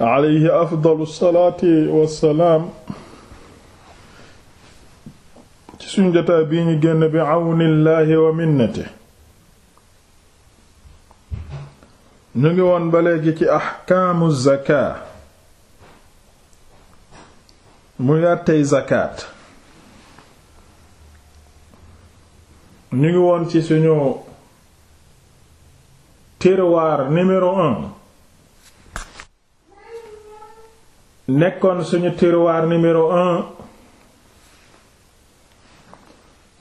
alayhi afdalu salaati wassalaam ci suñ jotaay bii ñu génn bi àwnillaahi wa minnati ñu ngi woon ba léegi ci axkaamu zakaa mu àttey zakaat ñu ngi woon ci suñu tiroir numéro nekkoon suñu tiroir numéro un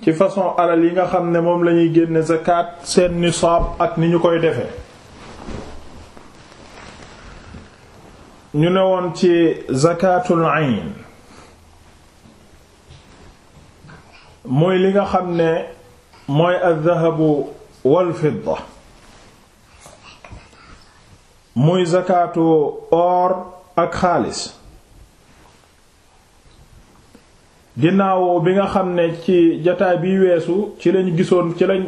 ci façon alal yi nga xam ne moom lañuy génne zakat seen nisaab ak ni ñu koy defee ñu ne woon ci zakatul ayn mooy li nga xam ne mooy aldahabu wal fidda muy zakatu or ak xaalis ginnaaw bi nga xam ne ci jataay bi weesu ci lañ gisoon ci lañ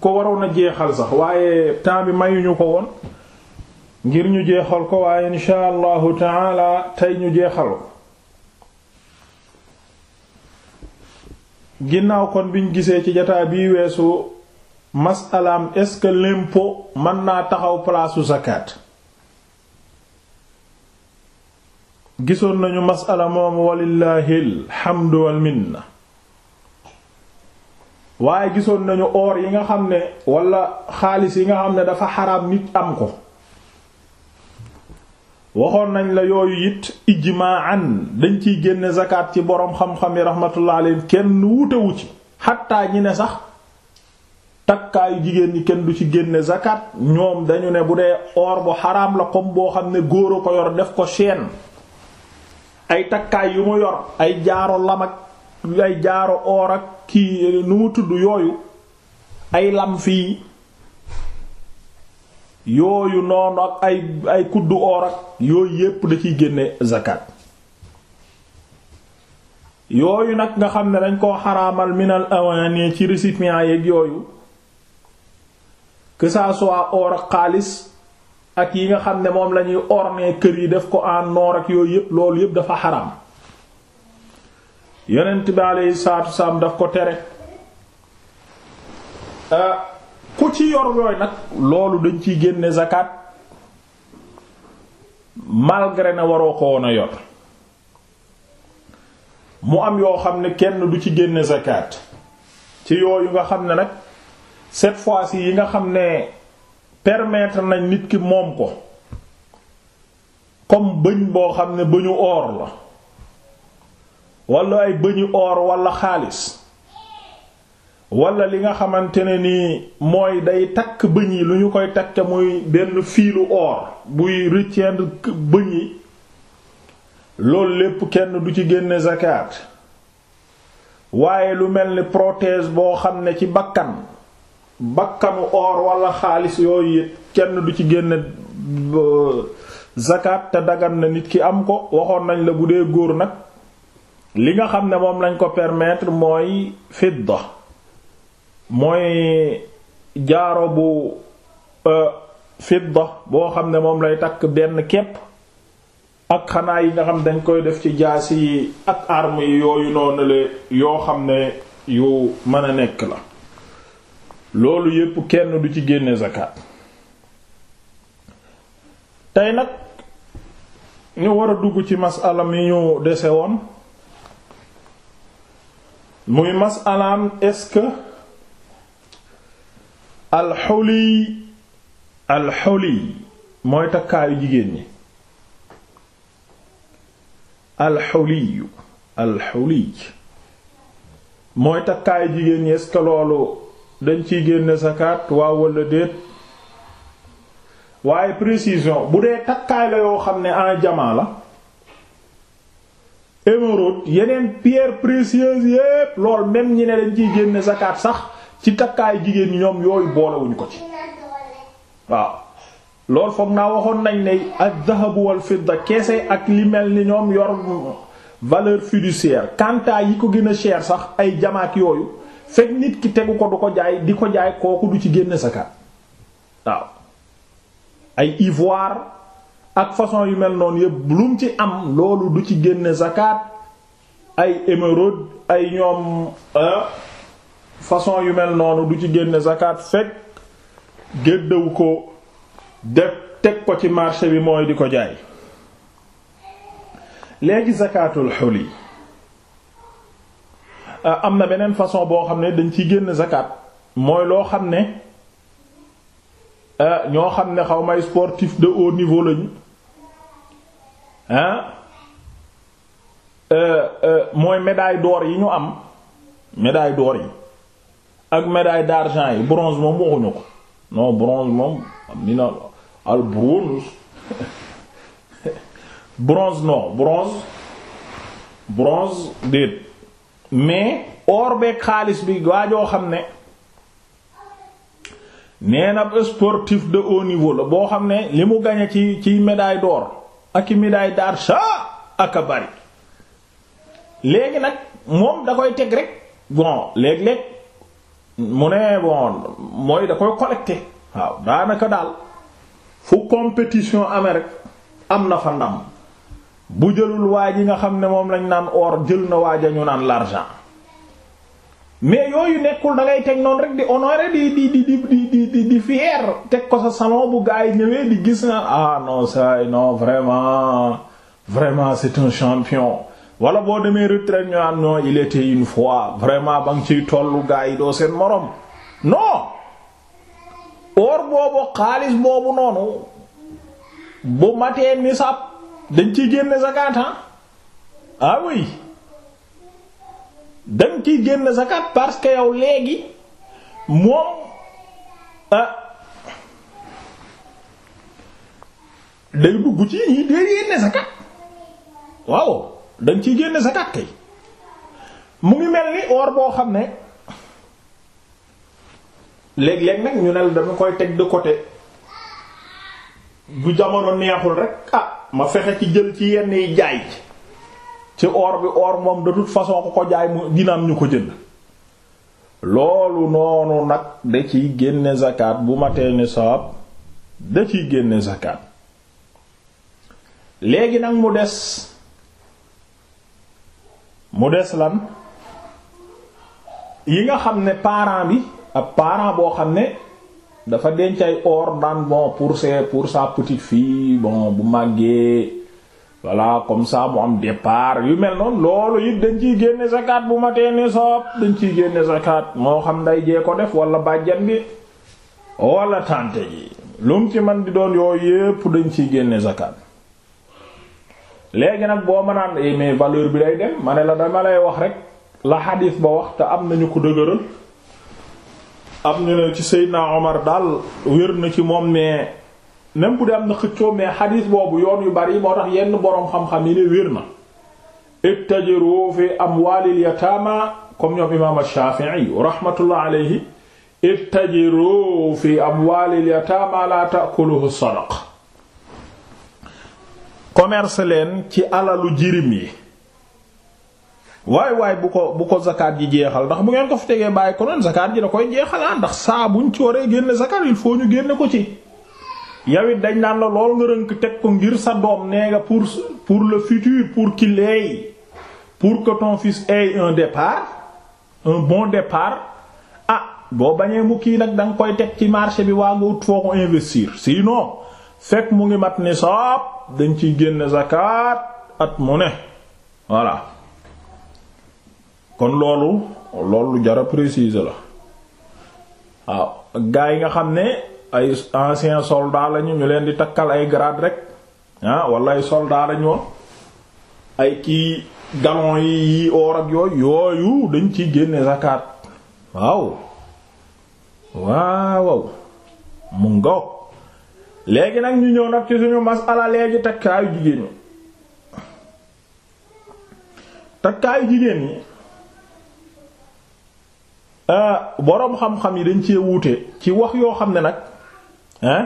ko waroon a jeexal sax waaye temps bi mayuñu ko woon ngir ñu jeexal ko waaye insha allahu taala tey ñu jeexal ginnaaw kon biñ gisee ci jataay bi weesu masalaam est-ce que mën naa taxaw palaasu zakat gisoon nañu masala moomu walillahi alhamdu wal minna waaye gisoon nañu or yi nga xam ne walla xaalis yi nga xam ne dafa xaraam nit am ko waxoon nañ la yooyu it ijmaan dañ ciy génne zakat ci boroom xam-xam yi rahmatullah alayhim kenn wutewu ci xattaa ñi ne sax takkaayu jigéen ñi kenn du ci génne zakat ñoom dañu ne bu dee or bu xaraam la comme boo xam ne góor a ko yor def ko chaîne ay takkaay yu mu yor ay jaaro lamak ay jaaro oor ak kii nu mu tudd yooyu ay lam fii yooyu noonu ak ay ay kuddu oor ak yooyu yépp da ciy génne zakat yooyu nag nga xam ne dañ koo xaramal minal awaani ci récipients yeeg yooyu que ça or xaalis ak yi nga xam ne moom lañuy ñuy kër yi def ko en noor ak yooyu yëpp loolu yëpp dafa xaram yonent bi aleyhi salaatu wasalaam daf ko tere ah, ku ci yor yooyu nag loolu dañ ci génne zakat malgré na waroo ko woon a yor mu am yoo xam ne kenn du ci génne zakat ci yooyu nga xam ne nag set fois-ci yi nga xam ne permettre nañ nit ki moom ko comme bëñ boo xam ne bëñu or la wala ay bëñu or wala xaalis wala li nga xamante ne nii mooy day takk bëñ yi lu ñu koy takke muy benn fiilu or buy retiendre bëñ yi loolu lépp kenn du ci génne zakat waaye lu mel ni prothèse boo xam ne ci bakkan bakkanu or wala xaalis yooyu yi kenn du ci génn zakat te dagan na nit ki am ko waxoon nañ la bu dee góor nag li nga xam ne moom lañ ko permettre mooy fidda mooy jaaro bu euh, fidda boo xam ne moom lay takk benn kepp ak xanaa yi nga xam dañ koy def ci jaasi yi ak arme yi yooyu noonu la yoo xam ne yu mën a nekk la loolu yépp kenn du ci génne zakat tey nag ñu war a dugg ci masala yi ñu dese woon muy masalaam est-ce que alxuli alxuli mooy takkaayu jigéen ñi alxuliyu alxuli mooy takkaayu jigéen ñi est loolu dañ ciy génn zakat waaw wala déet waaye précision bu dee takkaay la yoo xam ne en diamant la émeraude yeneen pierre précieuse yépp lool même ñi ne dañ ciy génn sakaat sax ci takkaay jigéen ñoom yooyu boolewuñ ko ci waaw lool foog naa waxoon nañ ne ak dahabu wal fidda keese ak li mel ni ñoom yor valeur fiduciaire quant yi ko gën a cher sax ay jamaak yooyu fekk nit ki tegu ko du ko jaay di ko jaay kooku du ci génne zakat waaw ay ivoire ak façon yu mel noonu yëpp lu ci am loolu du ci génne zakat ay émeraude ay ñoom façon yu mel noonu du ci génne zakat fekk géddawu ko def teg ko ci marché bi mooy di ko jaay léegi zakatul xuli Euh, am na beneen façon boo xam ne dañ ciy génn zakat mooy loo xam ne euh, ñoo xam ne xaw may sportif de haut niveau lañu hein euh, mooy médaille d'or yi ñu am médaille door yi ak médaille d'argent yi bronze moom waxuñu ko non bronze moom al bronze bronze non bronze bronze déet mais or xaalis bi waajoo xam ne nee na sportif de haut niveau la boo xam ne li mu gañe ci ci médaille d'or ak i médaille d'argent ak a bari léegi nag moom da koy teg rek bon léeg-léeg mu ne bon mooy da koy collecté waaw daanaka daal fu compétition amee rek am na fa ndam bu jëlul waa yi nga xam ne moom lañ naan or jël na waaja ñu naan l'argent mais yooyu nekkul da ngay teg noonu rek di honorer di di di teg ko sa salon bu gaa yi ñëwee di gis naan ah non ça non vraiment vraiment c'est un champion wala boo demee retraite ñu naan non il était une fois vraiment ba nga ciy tollu gaa yi doo seen moroom non or boobu xaalis boobu noonu bu matee nisab dañ ciy génne zakat ah. ah oui dañ ciy génne zakat parce que yow léegi moom ah day dugg ci yi day génne zakat waaw dañ ciy génne zakat kay mu ngi mel ni oor boo xam ne léeg-léeg nag ñu ne la dama koy teg de côté bu jamono neexul rek ah. ma fexe ci jël ci yenn yi jaay ci oor bi or moom de toute façon ku ko jaay mu dina ñu ko jënd loolu noonu nag da ciy génne zakat bu ma tee nisaab da ciy génne zakat léegi nag mu des mu des lan yi nga xam ne parent bi ab parent boo xam ne dafa denc ay or daan bon pour ses pour sa petite fii bon bu màggee voilà comme saa mu am départ yu mel noonu loolu it dañ ciy génne zakat bu ma tee ni soob dañ ciy génne zakat moo xam nday jee ko def wala bàjjan bi wala tante ji lu mu ci man di doon yooyu yépp dañ ciy génne zakat léegi nag boo mënaan eh, mais valeur bi day dem ma ne la dama lay wax rek la xadiis ba wax te am nañu ko dëgëral am ñu ne ci Seydina Omar daal wér na ci moom mais même bu dee am na xëccoo mais xadiis boobu yoon yu bari moo tax yenn boroom xam-xam yi ne wér na ittajiru fi amwaalil yataama comme ñoom imaam Shaafi'i rahmatullah alayhi fi amwaalil yataama la ta'kuluhu leen ci alalu jirim yi waay waay bu ko bu ko zakat ji jeexal ndax bu ngeen ko fi tegee bàyyi ko noonu zakat ji da koy jeexalaa ndax saa buñ ci waree génne zakat il faut ñu génne ko ci yow it dañ naan la lool nga rënk teg ko ngir sa doom nee nga pour pour le futur pour qu'il ait pour que ton fils ait un départ un bon départ a ah, boo bañee mu kii nag da koy teg ci marché bi waa nga ut foo ko investir sinon fekk mu ngi mat ni nisaab dañ ci génne zakat at mu ne voilà kon loolu loolu jara précise la waaw gaa yi nga xam ne ay ancien soldat lañu ñu leen di takkal ay grade rek ah wala ay soldat lañu ay kii galon yi yi yooyu dañ ciy génne zakat waaw waaw mu ngoog léegi nag ñu ñëw nag ci suñu masala léegi takkaayu jigéen ñi takkaayu jigéen ñi Euh, boroom xam-xam yi dañ cee wuute ci wax yoo xam ne nag hein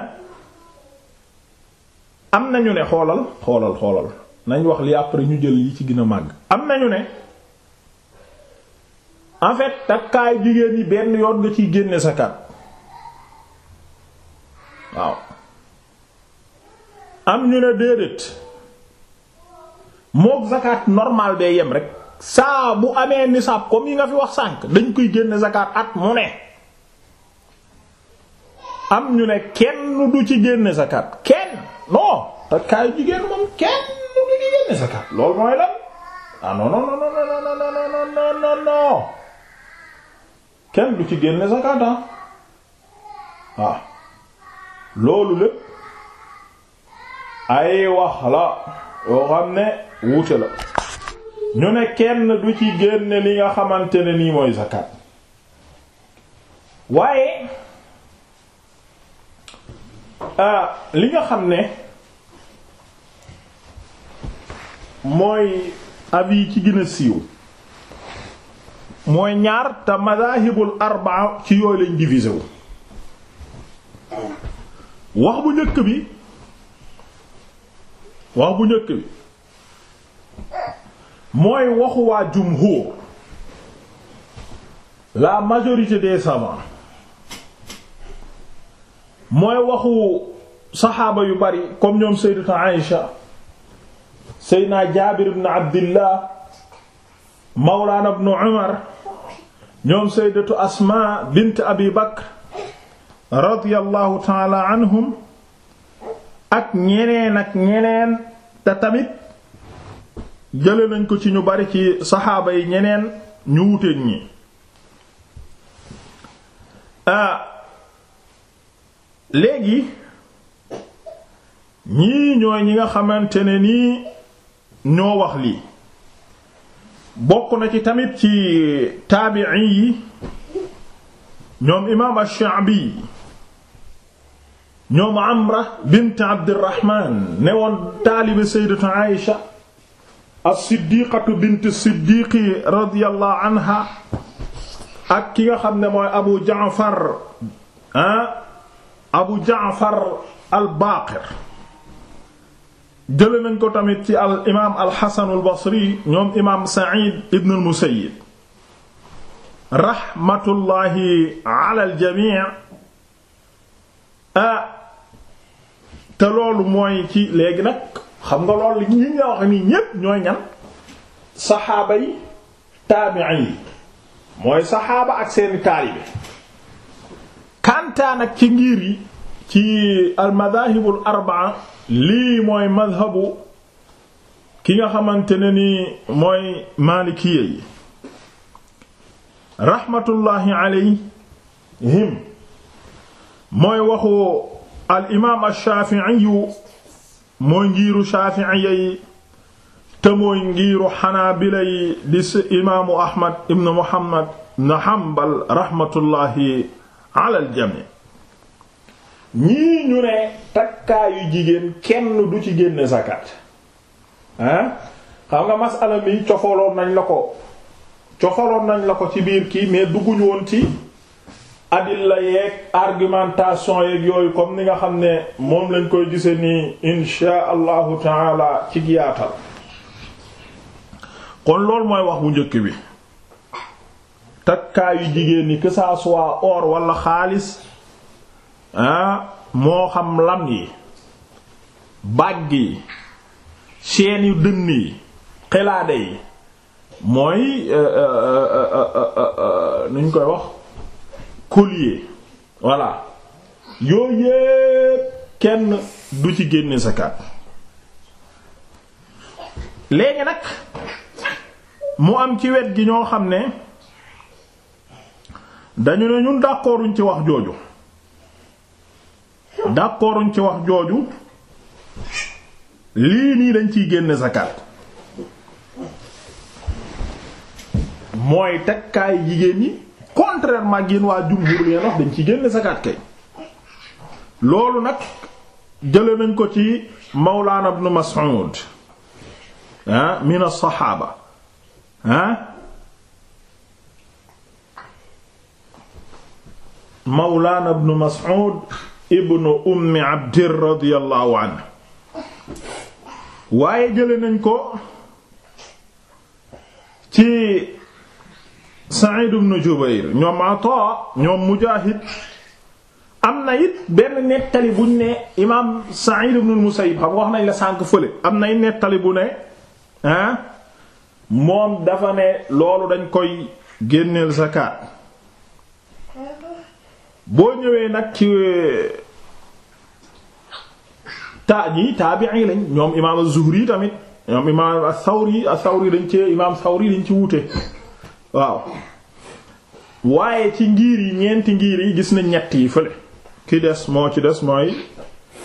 am nañu ne xoolal xoolal xoolal nañ wax li après ñu jël yi ci gën a màgg am nañu ne en fait takkaayu jigéen yi benn yoon nga ciy génne zakat waaw am ñu ne déedéet mook zakat normal bee yem rek saa bu amee nisaab comme yi nga fi wax sànq dañ koy génne zakat at mu ne am ñu ne kenn du ci génne zakat kenn non takkaayu jigéen moom kenn du ci génne zakat loolu mooy lan kenn du ci génne zakat ah loolu lépp ay wax la yoo xam ne wuute la. ñu ne kenn du ci génne li nga xamante ne nii mooy zakat waaye li nga xam ne mooy avis ci gën siiw mooy ñaar te madahibul arbaa ci yooyu lañ divisé wax bu njëkk bi wax bu njëkk bi mooy waxu waa jumhur la majorité des savants mooy waxu saxaaba yu bari comme ñoom sayyidatu Aïsha sayyidina Jaabir ibn Abdillah mawlaana ibn Umar ñoom sayyidatu Asmaa bint Abi Bakr radiyallahu ta'ala anhum ak ñeneen ak ñeneen te tamit jële nañ ko ci ñu bari ci saxaaba yi ñeneen ñu wuteeg ñi a ah, léegi ñii ñooy ñi nga xamante ne nii ñoo wax lii bokk na ci tamit ci taabi'i yi ñoom imaam ash ñoom Amra bint Abdirahman ne woon taalibe sayyidatu Aïsha as-siddiqatu bint siddiqi radiyallahu anha ak ki nga xam ne mooy abu jaafar ah abu jaafar al baaqir jële nañ ko tamit ci al imaam al xasan al basri ñoom imaam said ibn al musayyib raxmatullaahi ala jamii ah te loolu mooy ci léegi nag xam nga loolu li ñi nga wax ni ñépp ñooy ñan saxaaba yi taabi'i mooy saxaaba ak seeni taalibe kantaan ci ngir yi ci al madahibul lii mooy madhabu ki nga xamante ne ni mooy maalikiye yi rahmatullahi alayhim mooy waxu al imaam ash mooy ngiiru shaafi'iyya yi te mooy ngiiru xanaabila yi di si imaamu ahmad ibn muhammad ibn hanbal rahmatullahi ala aljami ñii ñu ne takkaayu jigéen kenn du ci génne zakat ah xam nga masala mi cofoloon nañ la ko cofoloon nañ la ko ci biir kii mais dugguñu woon ci adilla yeeg argumentation yeeg yooyu comme ni nga xam ne moom lañ koy gise nii insha allahu taala ci yaatal kon loolu mooy wax bu njëkk bi takkaayu jigéen ñi que ça or wala xaalis ah moo xam lam yi bàgg yi chaîne yu dënn yi xelaade yi mooy euh, euh, euh, nuñ koy wax collier voilà yooy yépp kenn du ci génne zakat léegi nag mu am ci wet gi ñoo xam ne dañu ne ñun d'accorduñ ci wax jooju d'accorduñ ci wax jooju lii nii dañ ciy génne zakat mooy takkaay jigéen ñi contrairement ak gin waa jumhur leen wax dañ ci génn zakat kay loolu nag jële nañ ko ci mawlaana ibn Mas'ud ah min as-saxaaba ah mawlaana ibn Mas'ud ibn ummi abdir radiyallahu anhu waaye jële nañ ko Sa'id ibn Jubayr ñoom Ata ñoom Mujaahid am na it benn nettali buñ ne imaam Sa'id ibn al xam wax nañ la sànk fële am nay nettali bu ne ah moom dafa ne loolu dañ koy génneel zakaat boo ñëwee nag ci euh, taa ñii taabi'i lañ ñoom imaam az-Zuhri tamit ñoom imaam as-Sawri as-Sawri dañ ci imaam Sawri dañ ci wuute. waaw waaye ci ngiir yi ñeenti ngiir yi gis na ñett yi fële ki des moo ci des mooy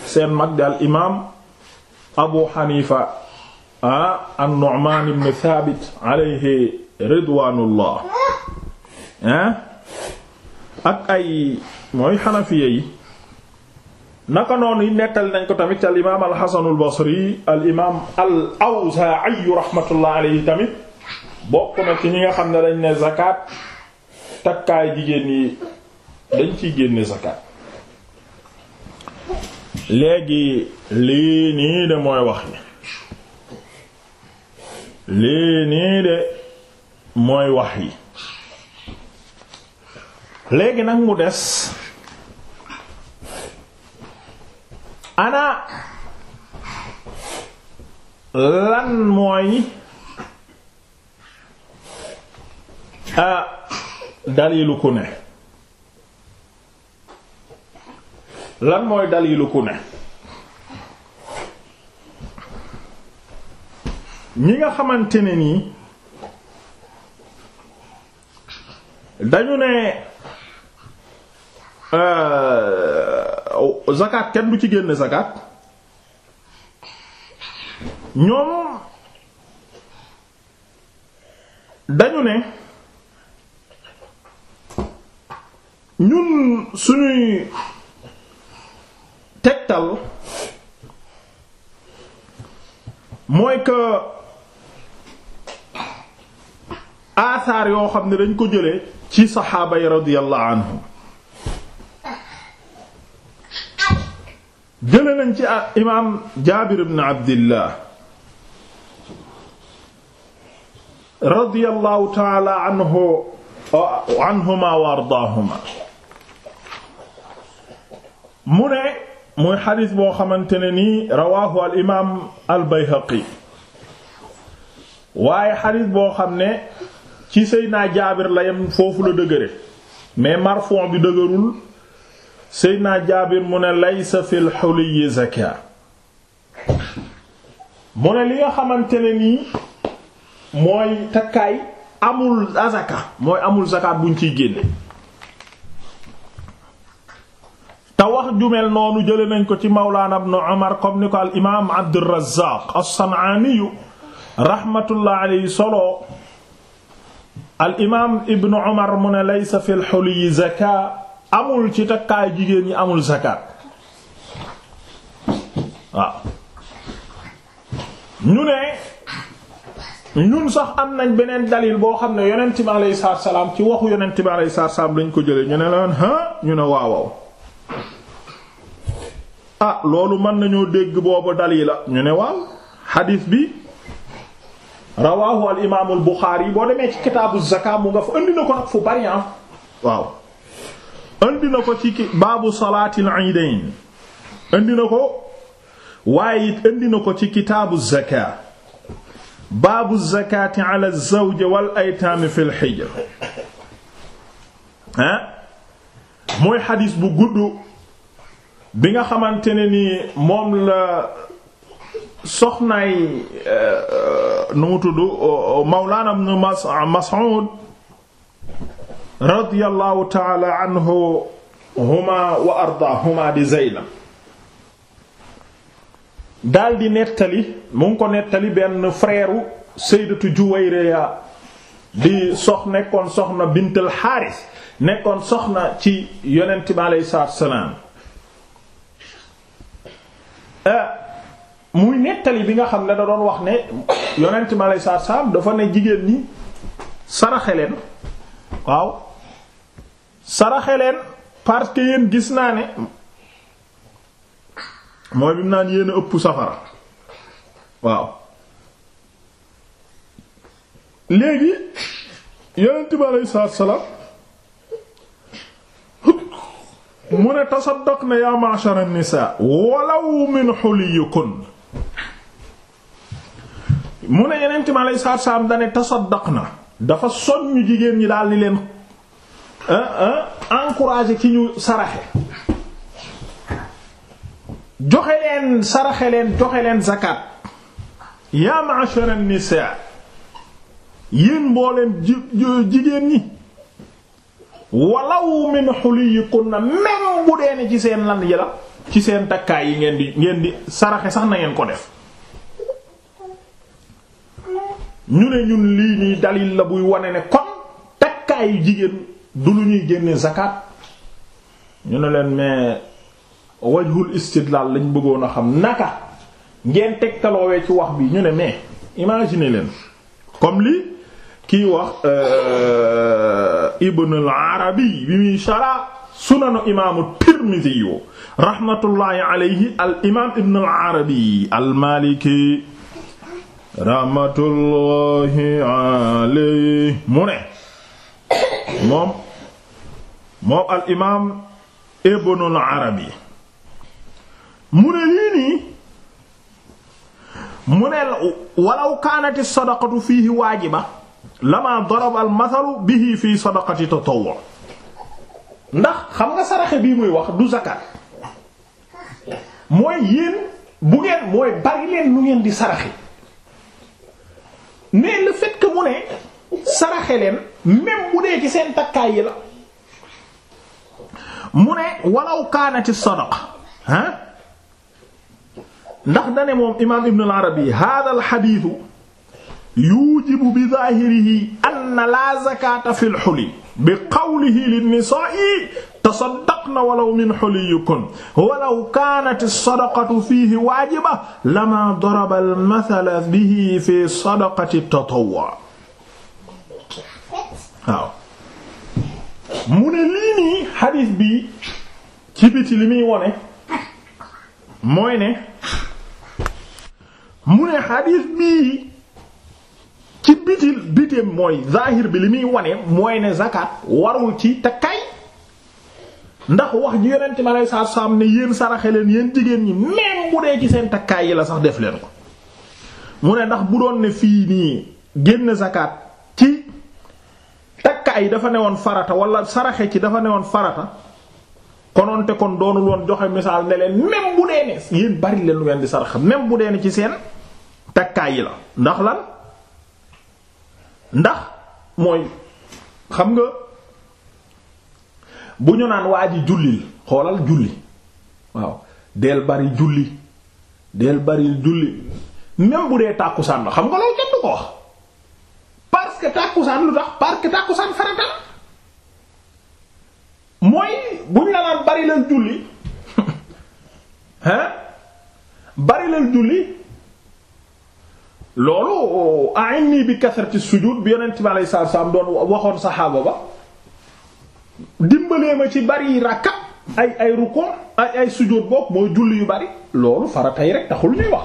seen mag di al imaam abu xanifa ah an nu'man ibn thabit alayhi ridwanullah ah ak ay mooy xanafiya yi naka noonu nettali nañ ko tamit al imaam al xasanul basri al imaam al awzaa'i rahmatullah alayhi tamit bokk na ci ñi nga xam ne dañ ne zakat takkaay jigéen yi dañ ci génne zakat léegi lii nii de mooy wax ni lii nii de mooy wax yi léegi nag mu des ana lan mooy ah dalilu ku ne lan mooy dalilu ku ne ñi nga xamante ne nii dañu ne euh, zakat kenn du ci génn zakat ñoom dañu ne ñun suñuy tegtal mooy que aasaar yoo xam ne dañ ko jëlee ci saxaaba yi radiyallahu anhum jële nañ ci imaam Jaabir ibn Abdillah radiyallahu ta'ala anhu anhuma mu ne muy xadis boo xamante ne nii rawaahu al imaam al bayhaqi waaye xadis boo xam ne ci naa Jaabir la yem foofu la dëgëre mais marfon bi dëgërul Seydina Jaabir mu ne laysa fil xuliyyi zakaa mu ne li nga xamante ne nii mooy takkaay amul azaka mooy amul zakat buñ ciy génne te wax jumel noonu jële nañ ko ci mawlaana ibn Umar comme ni ko solo al imaam ibn Umar mu ne ci takkaay jigéen ñi amul zakat ñu ne ñun sax am nañ beneen dalil boo xam ne yonent bi alayhi salaam ci waxu yonent bi alayhi salaam lañ ko jëlee ñu ne la ha ñu ne waaw ah loolu mën nañoo dégg boobu dalila ñu ne waaw xadiis bi rawaahu al imaamul Buxaari boo demee ci kitaabu zakaat mu nga fa indi na ko nag fu bari am ah. waaw indi na ko ci baabu salaatil iidayn indi na ko waaye it indi na ko ci kitaabu zakaat baabu zakaati ala zawja wal aytaami fil hijr ah, mooy xadiis bu gudd bi nga xamante ne ni moom la soxnaay euh, nu mu tudd euh, Mawlaana ibn Mas'ud radiyallahu ta'ala anhu huma wa ardaahuma di Zaynab daal nettali mu ko nettali benn frère Sayyidatu Juwayriya di sox nekkoon soxna bintul Haaris nekkoon soxna ci yonent bi alayhi salaatu salaam Euh, muy nettali bi nga xam ne da doon wax ne yonent mi aleyhi salaatu salaam dafa ne jigéen ñi saraxe leen waaw saraxe leen parce que yéen gis naa ne mooy bi naan yéen a ëpp safara waaw léegi yonent mi aleyhi salaatu salaam mu ne tasaddaqna yaa ma'shar an-nisaa walaw min huliyikun mu ne yeneen mi aleyhi salaatu salaam dane na dafa soññ jigéen ñi daal di leen encourager ci ñu saraxe joxe leen saraxe leen joxe leen zakat yaa ma'shar an-nisaa yéen mbooleen jigéen ñi walaw min xuliyikunna même bu dee ne ci seen lan yi la ci seen takkaay yi ngeen di ngeen di saraxe sax na ngeen ko def ñu ne ñun lii nii dalil la buy wane ne kon takkaayu jigéen du lu ñuy génne zakat ñu ne leen mais wajhul istidlal lañ bëggoon a xam naka ngeen tegtaloowee ci wax bi ñu ne mais imagine leen comme lii kii wax euh, Ibn al-Arabi bi muy shara sunanu imaamu Tirmidhi yu rahmatullahi alayhi al imaam Ibn al-Arabi al-Maliki rahmatullahi alayhi mu ne moom moom al imaam Ibn al-Arabi mu ne lii nii mu ne walaw kaanati sadaqatu fiihi waajiba lama daraba al mathalu bihi fi sadaqati tatawwu ndax xam nga saraxe bii muy wax du zakat mooy yéen bu ngeen mooy bari leen lu ngeen di saraxe mais le fait que mu ne saraxe leen même bu dee ci seen takkaay yi la mu ne walaw kaanati sadaqa ah ndax dane moom imaam al-Arabi hada al hadith yuujibu bi zaahirihi anna laa zakaata fil xuli bi qawlihi linnisaa'i tasaddaqna walaw min xuliyikun walaw kaanati sadaqatu fiihi waajiba lamaa daraba almathala bihi fi sadaqati tatawwu waaw mu ne lii nii xadiis bi ci biti li muy wone mooy ne mu ne xadiis bi ci bitil bitim mooy zahir bi li muy wane mooy ne zakat warul ci te kay ndax wax ji yonent mi aleyhi salaatu salaam ne yéen saraxe leen yéen jigéen ñi même bu dee ci seen takkaay yi la sax def leen ko mu ne ndax bu doon ne fii nii génn zakat ci takkaay dafa newoon farata wala saraxe ci dafa newoon farata konoon te kon doonul woon joxe misaal ne leen même bu dee ne yéen bari leen lu di sarax même bu dee ne ci seen takkaay yi la ndax lan. ndax mooy xam nga bu ñu naan waa ji jullil xoolal julli waaw del bari julli del bari julli même bu dee tàkkusaan la xam nga loolu kenn ko wax parce que tàkkusaan lu tax parce que tàkkusaan farata mooy bu ñu naan bari lal julli hein bari julli loolu a'inni bi kasrati sujud bi yonent bi alayhi salaatu salaam doon waxoon saxaaba ba dimbalee ma ci bari rakka ay ay ruku ay ay sujud bokk mooy julli yu bari loolu faratay rek taxul ñuy wax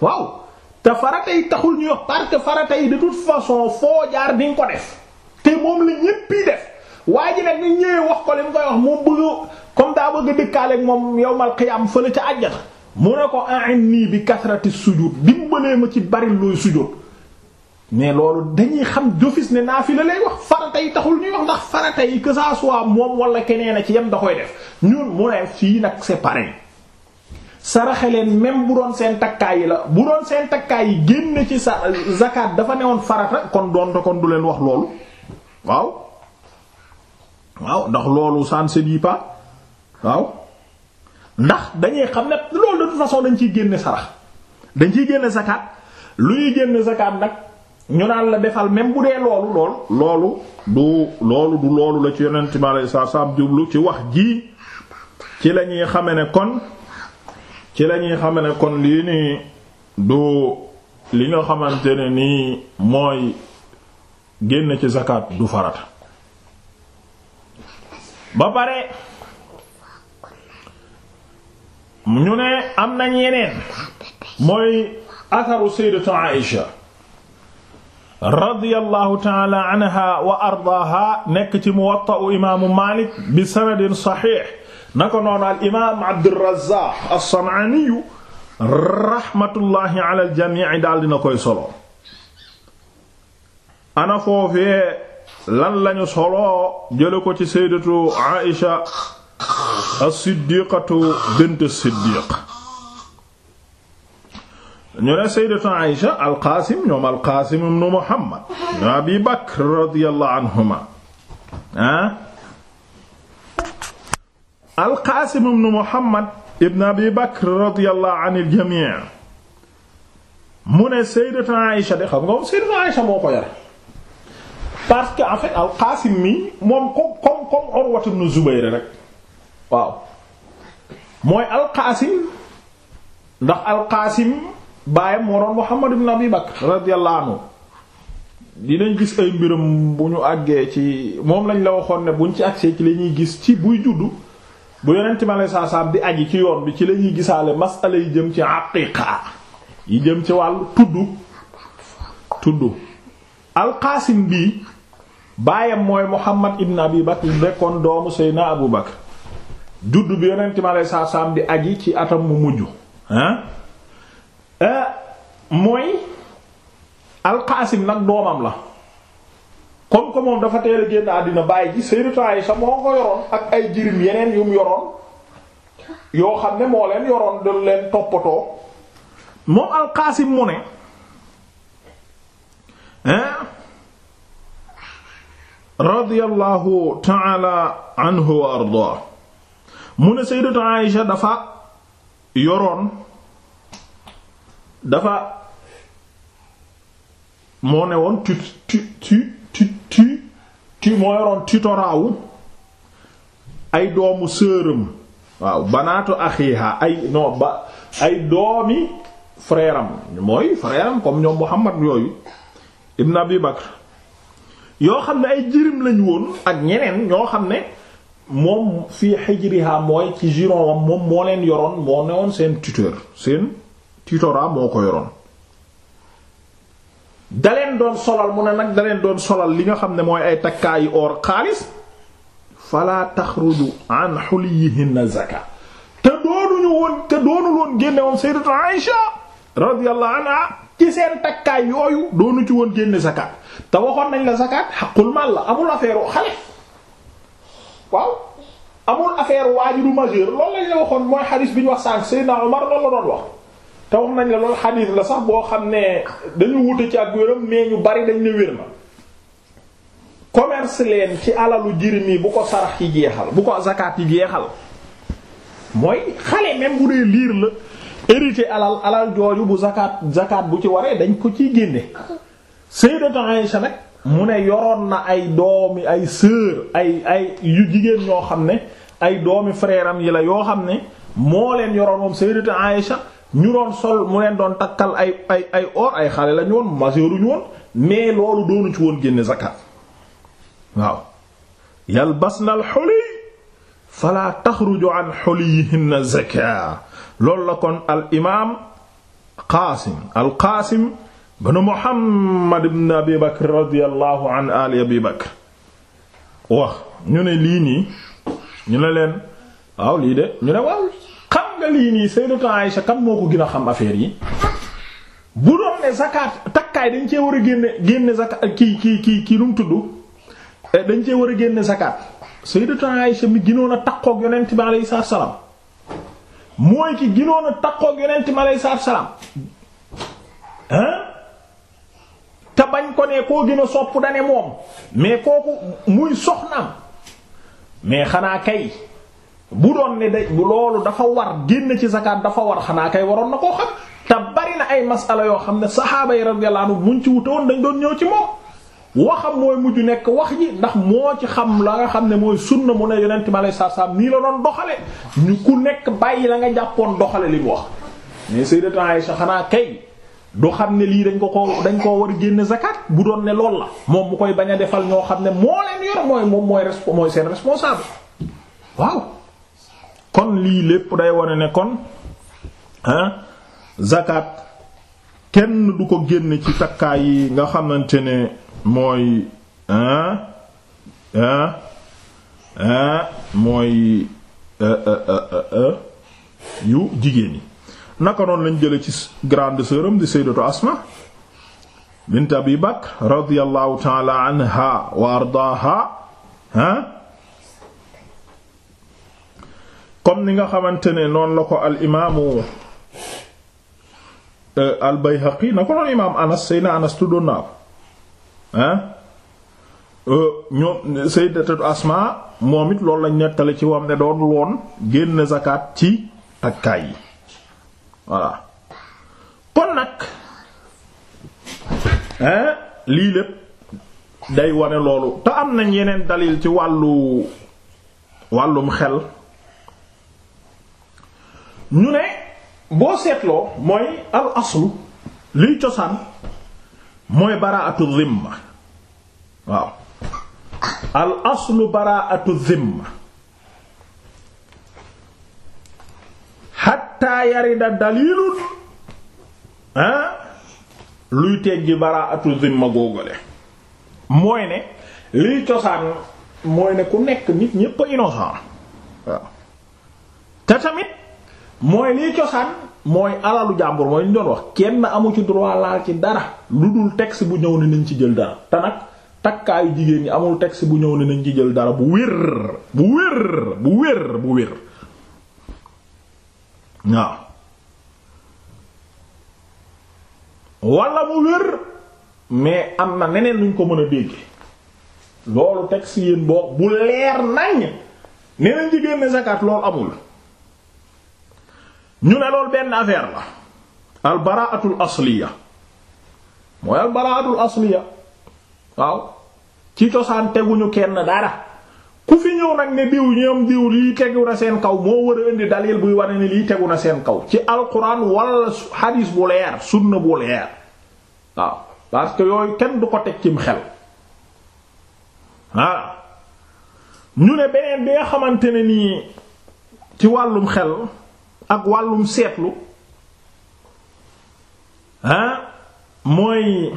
waaw te faratay taxul ñuy wax parce que faratay de toute façon foo jaar di ko def te moom la ñépp yi def waa ji nag ni ñëwee wax ko li mu koy wax moom bëgg comme daa bëgg dëkkaaleeg moom yawmal qiyaam fële ca àjjana mu ne ko a'inni bi kasrati sujud dimbalee ma ci bari looy sujud mais loolu dañuy xam d'office ne naafila leen wax farata yi taxul ni wax ndax farata yi que ça moom wala keneen a ci yem da koy def ñun mu ne fii nag c'est pareil saraxe leen même bu doon seen takkaay yi la bu doon seen takkaay yi génn ci sa zakat dafa newoon farata kon doonte kon du leen wax loolu waaw waaw ndax loolu ça ne pas waaw ndax dañuy xam ne loolu de toute façon dañ ciy génne sarax dañ ciy génne zakat lu ñuy génne zakat nag ñu naan la defal même bu dee loolu lool loolu du loolu loolu la ci yonent bi alayhi salaatu salaam jublu ci wax ji ci la ñuy xame ne kon ci la ñuy xame ne kon lii nii du li nga xamante ne nii mooy génn ci zakat du farata ba pare ñu ne am nañ yeneen mooy atharu sayyidatu Aïsha radiyallahu ta'ala anha wa ardaaha nekk ci muwatta'u imaamu Maalik bi sanadin saxiix naka noonu al imaam Abdurrazaaq as-San'aani rahmatullahi al-jamii' daal dina koy solo ana foofee lan lañu solo jële ko ci sayyidatu as-siddiqatu bint as-siddiq ñu ne sayyidatu Aïsha al-Qaasim ñoom al-Qaasim ibn Muhammad ibn Abi Bakr radiyallahu anhuma ah al-Qaasim ibn Muhammad ibn Abi Bakr radiyallahu anil jamii mu ne sayyidatu Aïsha de xam nga moom sayyidatu Aïsha moo ko yar parce que en fait al-Qaasim mi moom comme comme comme Urwa ibn Zubayr rek waaw mooy alqaasim ndax alqaasim baayam moo doon Muhammad ibn Abi Bakr radiyallahu dinañ gis ay mbiram bu ñu àggee ci moom lañ la waxoon ne buñ ci agsee ci la ñuy gis ci buy juddu bu yonent mi aleyhi salaatu salaam di aji ci yoon bi ci lañuy gisaale masala yi jëm ci aqiqa yi jëm ci wàll tudd tudd alqaasim bi baayam mooy Muhammad ibn Abi Bakr nekkoon doomu seyna Abu Bakr juddu bi yonent ma lay saa saam di aji ci atam mu mujj ah mooy alqaasim nag doomam la comme que moom dafa teel a génn àddina bàyyi ji Sayyidatu Aisha moo ko yoroon ak ay jirim yeneen yu mu yoroon yoo xam ne moo leen yoroon da leen toppatoo moom alqaasim mu ne radiyallahu ta'ala anhu wa ardaa mu ne sayyidatu Aïsha dafa yoroon dafa moo ne woon tu tu moo yoroon tutoraawu ay doomu sëram waaw banaatu axiiha ay non ba ay doomi frère am mooy frère comme ñoom Muhammad yooyu ibn Abi Bakr yoo xam ne ay jirim lañ woon ak ñeneen ñoo xam ne moom fii xijriha mooy ci giron wam moom moo leen yoroon moo newoon seen tuteur seen tutorat moo ko yoroon daleen doon solal mu ne nag daleen doon solal li nga xam ne mooy ay takkaayi or xaalis fala taxruju an xuliyihinna zaka te doonuñu woon te doonul woon génne woon sayyidatu Aïsha radiyallahu ci seen takkaay yooyu doonu ci woon génne zakat te waxoon nañ la zakat xaqul la amul affaire xale waaw amul affaire waajiru majeur loolu lañ la waxoon mooy xadis bi ñu wax sànq Seydina Omar loolu la doon wax te wax nañ la loolu xadis la sax boo xam ne dañu wute ci ak wéram mais ñu bari dañ ne wér na commerce leen ci alalu jirim yi bu ko sarax yi jeexal bu ko zakat yi jeexal mooy xale même bu dee liir la hérité alal alal jooju bu zakat zakat bu ci waree dañ ko ciy génne Sayyidatu Aïcha nag mu ne yoroon na ay doomi ay sœur ay ay jigéen ñoo xam ne ay doomi frère yi la yoo xam ne moo leen yoroon moom sayyidatu Aïcha ñu doon sol mu leen doon takkal ay ay ay or ay xale la ñu woon maseeruñu woon mais loolu doonu ci woon génne zakat waaw yalbasna al huli fala taxruju an huliyihinna zakat loolu la kon al Qaasim al bnu Muhammad ibn Abi Bakr radiyallahu ñu ne lii nii ñu ne leen waaw lii de ñu ne waaw xam nga lii nii Sayyidatu Aïsha kan moo ko gën a xam affaire yi bu doon ne zakat takkaay dañ cee war a génne génne zakat kii kii kii kii nu mu tudd eh, dañ cee war a génne zakat Sayyidatu Aïsha mi ginoon a takkook yonent bi alayhi salaatu salaam mooy ki ginoon a takkook yonent bi alayhi salaatu salaam te bañ ko ne koo gën a sopp dane moom mais kooku muy soxnaam mais xanaa kay bu doon ne da bu loolu dafa war génn ci zakat dafa war xanaa kay waroon na koo xam te bari na ay masala yoo xam ne saxaaba yi radiyallahu anhu buñ ci wutoon dañ doon ñëw ci moom waxam mooy mujj nekk wax ji ndax moo ci xam la nga xam ne mooy sunna mu ne yonent ma lay saa saa nii la doon doxale ñu ku nekk bàyyi la nga jàppoon doxale li mu wax mais Sayyidatu Aisha xanaa kay du xam ne lii dañ ko ko dañ koo war a génne zakat bu doon ne lool la moom mu koy bañ a defal ñoo xam ne moo leen yor mooy moom mooy seen responsable waaw kon lii lépp day wane ne kon ah zakat kenn du ko génn ci takkaay yi nga xamante ne mooy mooy euh, euh, euh, yu jigéen yi naka noonu lañ jële ci grande sœuram di sayyidatu asma bint abi bakr radiyallahu taala anha wa ardaaha ah comme ni nga xamante ne noonu la ko al imaamu euh, al bayhaqi na ko noonu imaam anas sayna anas tuddoon naa ko ah ñoom sayyidatu asma moom it loolu lañ nettali ci wam ne doon loon génn zakat ci takkaay yi voilà kon nag lii lépp day wane loolu te am nañ yeneen dalil ci wàllu wàllum xel ñu ne boo seetloo mooy al aslu liy cosaan mooy baraatu zimma waaw al aslu baraatu zimma xatta yarida dalilun ah luy teggi baraatu zimma góogale mooy ne liy cosaan mooy ne ku nekk nit ñépp a innocent tamit mooy liy cosaan mooy alalu jàmbur mooy ñu doon wax kenn amu ci droit laal ci dara lu dul texte bu ñëw ne nañ ci jël dara te nag takkaayu jigéen ñi amul texte bu ñëw ne nañ ci jël dara bu wér bu wér bu wér bu wér waaw wala mu wér mais am na neneen luñ ko mën a dégg loolu teg si yéen boo bu leer nañ neneen jigéen ne zakat amul ñu ne loolu benn affaire la al baraatul asliya mooy al baraatul asliya waaw ci cosaan teguñu kenn dara ku fi ñëw nag ne diw ñoom diw lii tegu na seen kaw moo wër a indi dalil buy wane ni lii tegu na seen kaw ci alquran wala hadis bu leer sunna bu leer waaw parce que yooyu kenn du ko teg cim xel ah ñu ne beneen bi nga xamante ne nii ci wàllum xel ak wàllum seetlu ah mooy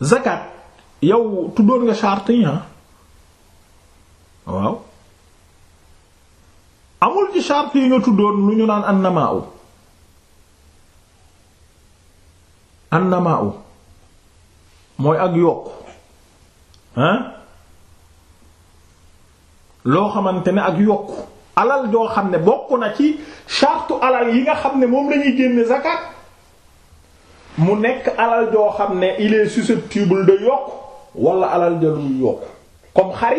zakat yow tuddoon nga charte yi ah? waaw amul ci charte yi nga tuddoon lu ñu naan annamaa u annamaa mooy ak yokk hein loo xamante ne ak yokk alal joo xam ne bokk na ci charte alal yi nga xam ne moom lañuy génne zakat mu nekk alal joo xam ne il est susceptible de yokk wala alal ja du yokk comme xar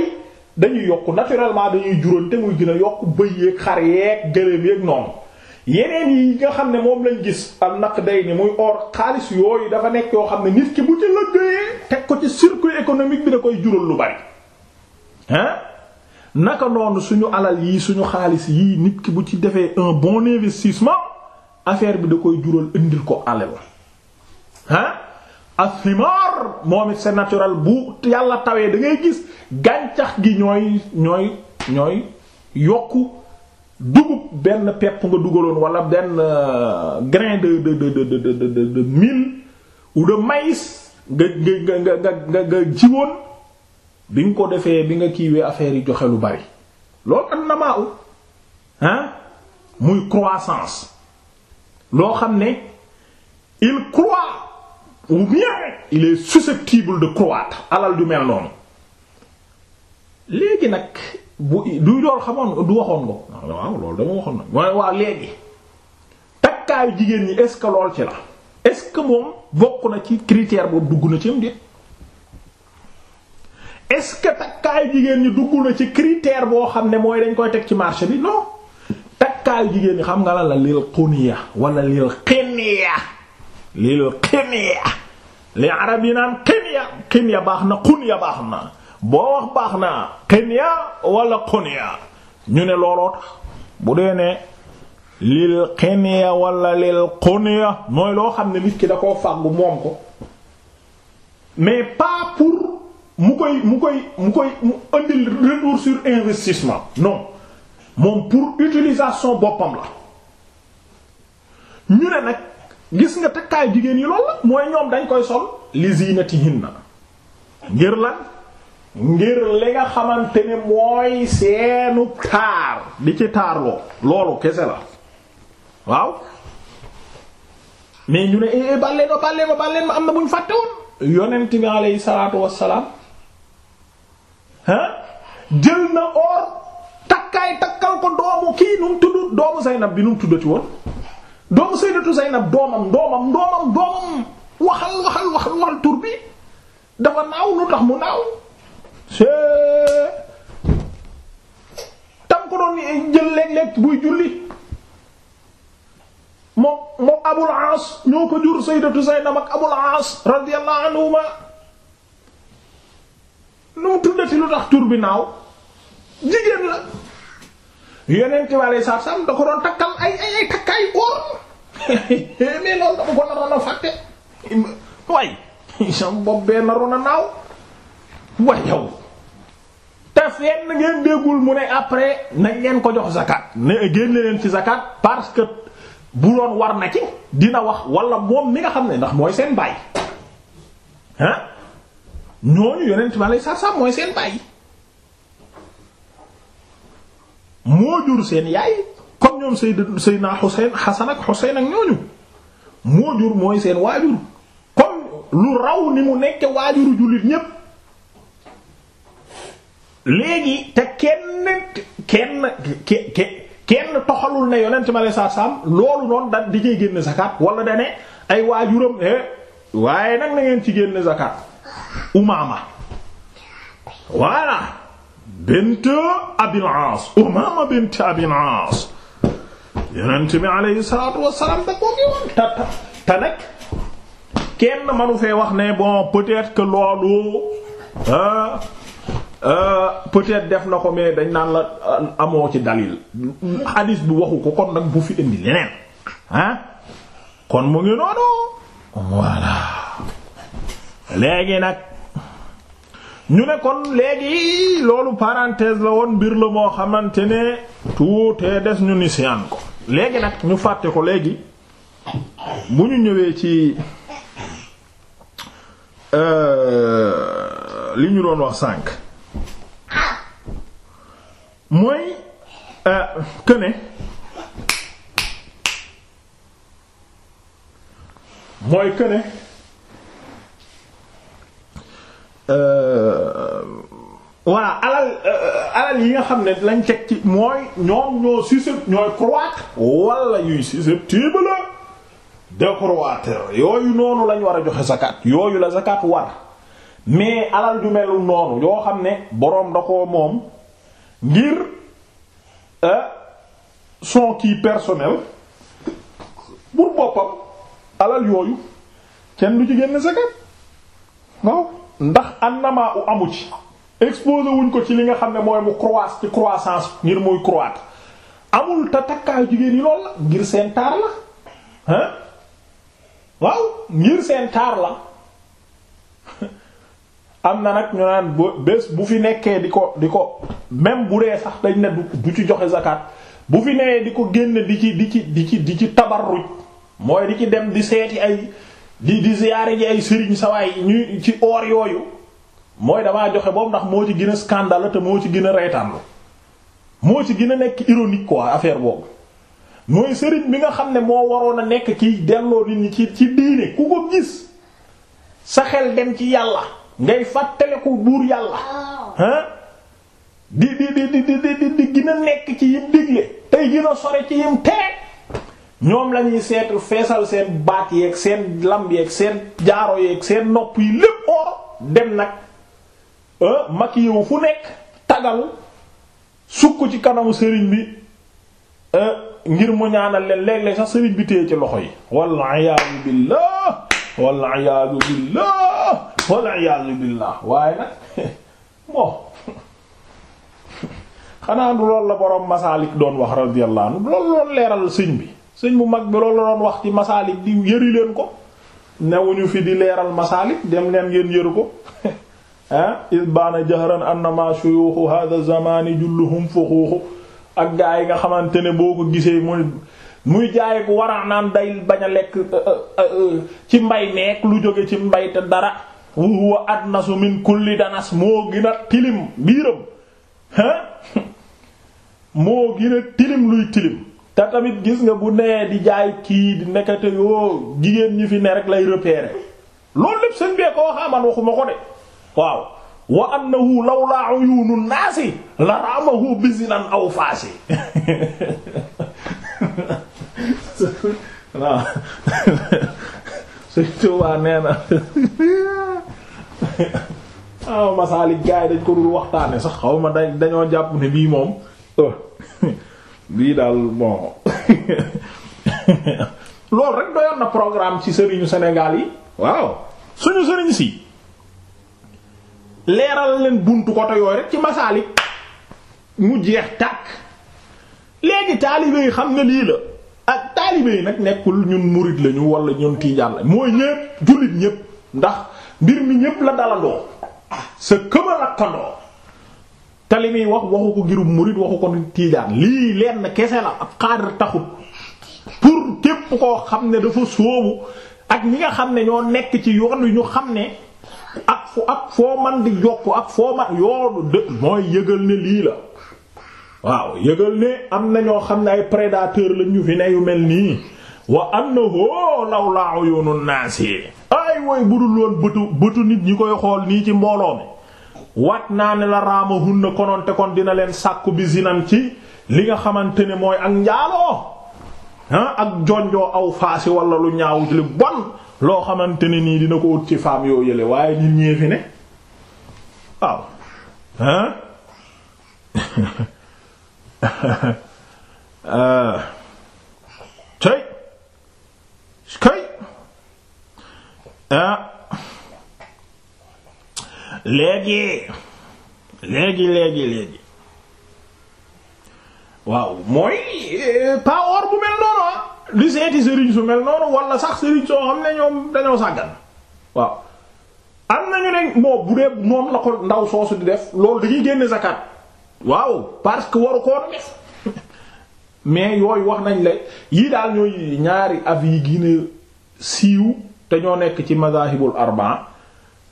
dañuy yokk naturellement dañuy juróonte muy gën a yokk bëy yeeg xar yeeg gëléem yéeg noonu yeneen yi nga xam ne moom lañ gis am naq day ni muy or xaalis yooyu dafa nekk yoo xam ne nit ki bu ci lëggéeyee teg ko ci circuit économique bi da koy juróon lu bari hein naka noonu suñu alal yi suñu xaalis yi nit ki bu ci defee un bon investissement affaire bi da koy jural indil ko alal hein athimar moom it c'est naturel bu yàlla tawee da ngay gis gàncax gi ñooy ñooy ñooy yokku dugub benn pepp nga dugaloon wala benn euh, grain de de de de de de de mil ou de maïs nga nga nga nga nga nga jiwoon bi nga ko defee bi nga kiiwee affaire yi joxe lu bari loolu am na maa ah muy croissance loo xam ne il croît. ou bien il est susceptible de croître alal ju mel noonu léegi nag bu du lool xamoon du waxoon ko waaw loolu dama waxoon nag mooy waaw léegi takkaayu jigéen ñi est-ce que lool ci la est-ce que moom bokk na ci critère boobu dugg na ci am déet est-ce que takkaayu jigéen ñi dugg na ci critère boo xam ne mooy dañ koy teg ci marché bi non takkaayu jigéen ñi xam nga la la lil xunia wala lil xenia lil ximya li arab yi naan ximya ximya baax na xunya baax na boo wax baax na ximya wala xunya ñu ne looloo tax bu dee ne lil ximya wala lil xunya mooy loo xam ne nit ki da koo fàggu moom ko mais pas pour mu koy mu koy mu koy mu indil retour sur investissement non moom pour utilisation boppam la ñu ne nag gis nga takkaayu jigéen yi loolu la mooy ñoom dañ koy sol li zinatihinna ngir lan ngir li nga xamante ne mooy seenu taar di ci taarloo loolu kese la waaw mais ñu ne ee eh, eh, bàlleen ma bàlleen ma bàlleen ma am na buñ fàtte woon yonent bi alayhi salaatu wassalaam ah jël na or takkaay takkal ko doomu kii nu mu tudd doomu Zaynab bi nu mu tuddati woon doomu sayyidatu Zaynab doomam doomam doomam doomam waxal waxal waxal waxal dafa naaw lu tax mu naaw tam ko doon jël léeg-léeg buy julli moom moom Abul Aas ñoo ko jur sayyidatu Zaynab ak Abul Aas radiyallahu anhuma nu tuddati lu tax tur bi naaw jigéen la yeneen ci wàllu saabsaab da ko doon takkal ay ay ay takkaay góor. mais loolu dama ko naroon a fàtte way sama bopp bee naroon a naaw way yow te fenn ngeen déggul mu ne après na ngeen ko jox zakat ne génne leen ci zakat parce que bu doon war na ci dina wax wala moom mi nga xam ne ndax mooy seen baay ah ñooñu yonent ma lay sarsam mooy seen baay moo jur seen yaay comme ñoom Seydou Seydina Xuseyn Xasan ak Xuseyn ak ñooñu moo jur mooy seen waajur comme lu raw ni mu nekk waajuru jullit ñépp léegi te kenn kenn ke kenn toxalul ne yonent ma lay saam loolu noonu da di cay génne zakat wala da ne ay waajuram eh, waaye nag na ngeen ci génne zakat Umaama voilà bint Abil Aas Umaama bint Abil Aas yonent bi alayhi salaatu wassalaam da koo ngi woon ta ta te kenn manu fee wax ne bon peut-être que loolu ah, ah peut def na ko mais dañ naan la ah, amoo ci dalil hadis bi waxu ko kon nag bu fi indi leneen ah. kon mu ngi noonu voilà léegi nag ñu ne kon léegi loolu parenthèse la woon mbir la moo xamante ne tuutee des ñu ni siyaan ko léegi nag ñu fàtte ko léegi bu ñu ñëwee ci euh, li ñu doon wax sànq mooy këne euh, mooy këne voilà euh, alal yi nga xam ne lañ teg ci mooy ñoom ñoo susceptible ñooy croître wala yuy susceptible de croître yooyu noonu lañ war a joxe zakat yooyu la zakat war mais alal ju melul noonu yoo xam ne boroom da ko moom ngir euh, son kii personnel pour boppam alal yooyu kenn du ci génn zakat waaw ndax annamaa u amu ci exposé wuñ ko ci li nga xam ne mooy mu croissance ci croissance ngir muy croître amul te takkaayu jigéen yi lool la ngir seen taar la hein waaw ngir seen taar la am na nag ñu naan bés bu fi nekkee di ko di ko même bu dee sax dañ ne du ci joxe zakat bu fi nee di ko génn di ci di ci di ci di ci tabarruj mooy di ci dem di seeti ay di di ziyaare ji ay sëriñ sawaay ñuy ci oor yooyu mooy damaa joxe boobu ndax moo ci gën a scandale te moo ci gën a reetaanlu moo ci gën a nekk ironique ko affaire boobu mooy sëriñ bi nga xam ne moo waroon a nekk ci delloo nit ñi ci ci diine ku ko gis sa xel dem ci yàlla ngay fàttaliku buur yàlla ah di di di di di gën a nekk ci yim digle tey gën a sore ci yim tere ñoom lañuy seetu feesal seen baat yeeg seen lamb yeeg seen jaaro yeeg seen nopp yi lépp or dem nag Euh, makiyewu fu nekk tagal sukk ci kanamu sëriñ bi euh, ngir mu ñaanal leen léeg-léeg sax sëriñ bi téye ci loxo yi walla iyaazu billah walla iyaazu billah walla waaye nag bon xanaa du la boroom masaalik doon wax radiyallahu anhu loolu loon leeral sëñ bi sëñ bu mag bi loolu la doon wax ci masaalik di yëri leen ko newuñu fi di leeral masaalik dem leen ngeen yëru ko is baana jahran annama shuyukhu hadha zamani julluhum fuxuuxu ak gaa yi nga xamante ne boo ko gisee muy jaay bu wara naan day bañ a lekk euh, euh, euh, ci mbay meek lu jóge ci mbay te dara wa huwa adnasu min kulli danas moo gën a tilim biiram moo gën a tilim luy tilim te tamit gis nga bu nee di jaay kii di nekkate yoo jigéen ñi fi ne rek lay repérer loolu lépp seen bee ko wax aman waxuma ko de waaw wa annahu lawlaa uyunu naasi la ramahu bizinan aw faasi waaw Sëriñ Tuubaa nee na masaalik gaay dañ ko dul waxtaane sax xaw ma dañoo jàpp ne bii moom oh, bii daal bon loolu rek doyoon na programme ci sëriñu Sénégal yi waaw suñu sëriñ si leeral leen buntu côté yooyu rek ci masaalik mu jeex tàkk léegi taalibe yi xam ne lii la ak taalibe yi nag nekkul ñun murid lañu walla ñun tiijaan la mooy ñépp jullit ñépp ndax mbir mi ñépp la dalandoo sa këma lakkandoo te li muy wax waxu ko ngirub murit waxu ko tiijaan lii lenn kese la ab xaadir taxut pour képp koo xam ne dafa sóobu ak ñi nga xam ne ñoo nekk ci yoon wi ñu xam ne ak fo ak foo man di jokk ak foo man yoonu mooy yëgal ni lii la waaw yëgal ne am na ñoo xam ne ay prédateurs la ñu fi yu mel nii wa annahu law laa uyunu naasi ay woy budul woon bëtu bëtu nit ñi koy xool nii ci mbooloo mi waat naa ne la raama hunna kononte kon dina leen sàkku bi zinan ci li nga xamante ne mooy ak njaaloo ah ak jonjoo aw faasi wala lu ñaaw li bon loo xamante ne nii dina ko ut ci femme yoo yële waaye nit ñee fi ne waaw hein tey euh. kay ah. léegi léegi léegi léegi waaw mooy euh, pas or bu li seeti sëriñ su mel noonu wala sax sëriñ soo xam ne ñoom dañoo sàggan waaw am nañu ne moo bu dee noonu la ko ndaw soosu di def loolu dañuy génne zakat waaw parce que waru koon def mais yooyu wax nañ la yii daal ñooy ñaari af yi gine a siiw te ñoo nekk ci madahibul arbaa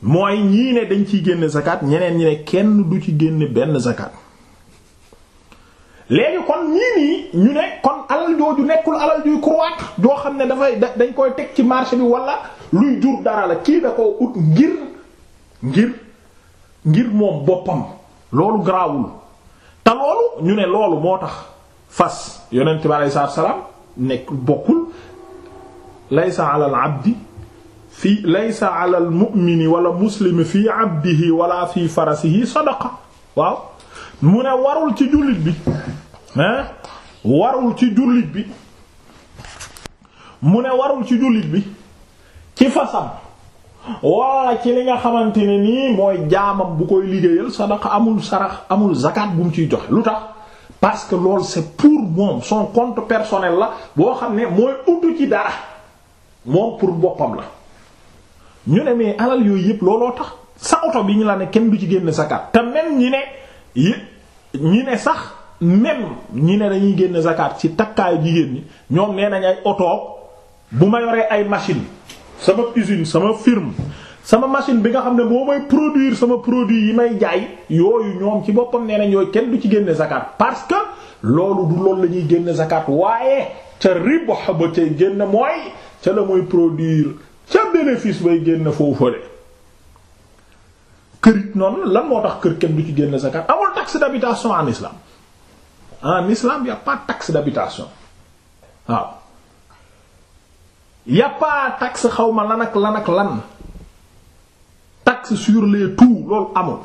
mooy ñii ne dañ ciy génne zakat ñeneen ñi ne kenn du ci génne benn sakat léegi kon nii nii ñu ne kon alal jooju nekkul alal juy croître doo xam ne dafay dañ koy teg ci marché bi wala luy jur dara la kii da ko ut ngir ngir ngir moom boppam loolu garaawul te loolu ñu ne loolu moo tax fas yonent bi aleyhi salaatu salaam nekk bokkul laysa alal abdi fii laysa alal mu'mini wala muslimi fi abdihi wala fii farasihi sadaqa waaw mu ne warul ci jullit bi hein warul ci jullit bi mu ne warul ci jullit bi ci fasam walla ci li nga xamante ne nii mooy jaamam bu koy liggéeyal sa daq amul sarax amul zakat bu mu ciy joxe lu tax parce que loolu c'est pour moom son compte personnel la boo xam ne mooy udd ci dara moom pour boppam la ñu ne mais alal yooyu yëpp looloo tax sa oto bi ñu la ne kenn du ci génn zakat te même ñi ne ñi ne sax même ñi ne dañuy génn zakat ci takkaayu jigéen ñi ñoom nee nañ ay oto bu ma yoree ay machine sama usine sama firme sama machine bi nga xam ne moo may produire sama produit yi may jaay yooyu ñoom ci boppam nee nañ yooyu kenn du ci génne sakaat parce que loolu du loolu la ñuy génne zakat waaye ca ribox ba cay génn mooy ca la mooy produire ca bénéfice bay génn foofale kër it noonu lan moo tax kër kenn du ci génne zakat amul taxe d'habitation en islam en islam taks a pas taxe d'habitation waaw y a pas taxe xawma lan ak lan ak lan taxe sur les loolu amul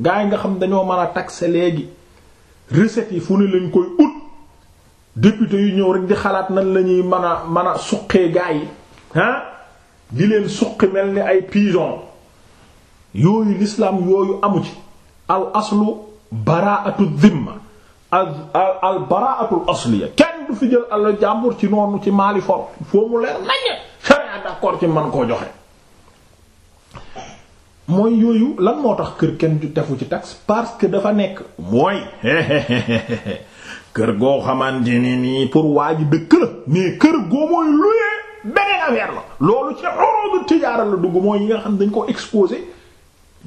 gaa yi nga xam dañoo mën a taxer léegi recettes yi fu ne lañ koy ut député yu ñëw rek di xalaat na lañuy ñuy mën a mën a suqee gaa yi ah di leen suqi mel ni ay pigeon yooyu l'islam yooyu amu ci al aslu baraatu dhimma al baraatul asliya kenn du fi jël alal jàmbur ci noonu ci maali for foo mu leer naññe sharia d'accord ci man koo joxe mooy yooyu lan moo tax kër kenn du tefu ci taxe parce que dafa nekk mooy kër goo xamante ni nii pour waa ji dëkk la mais kër goo mooy luyee beneen affaire la loolu ci urudu tijaara la dugg mooy yi nga xam dañ ko exposé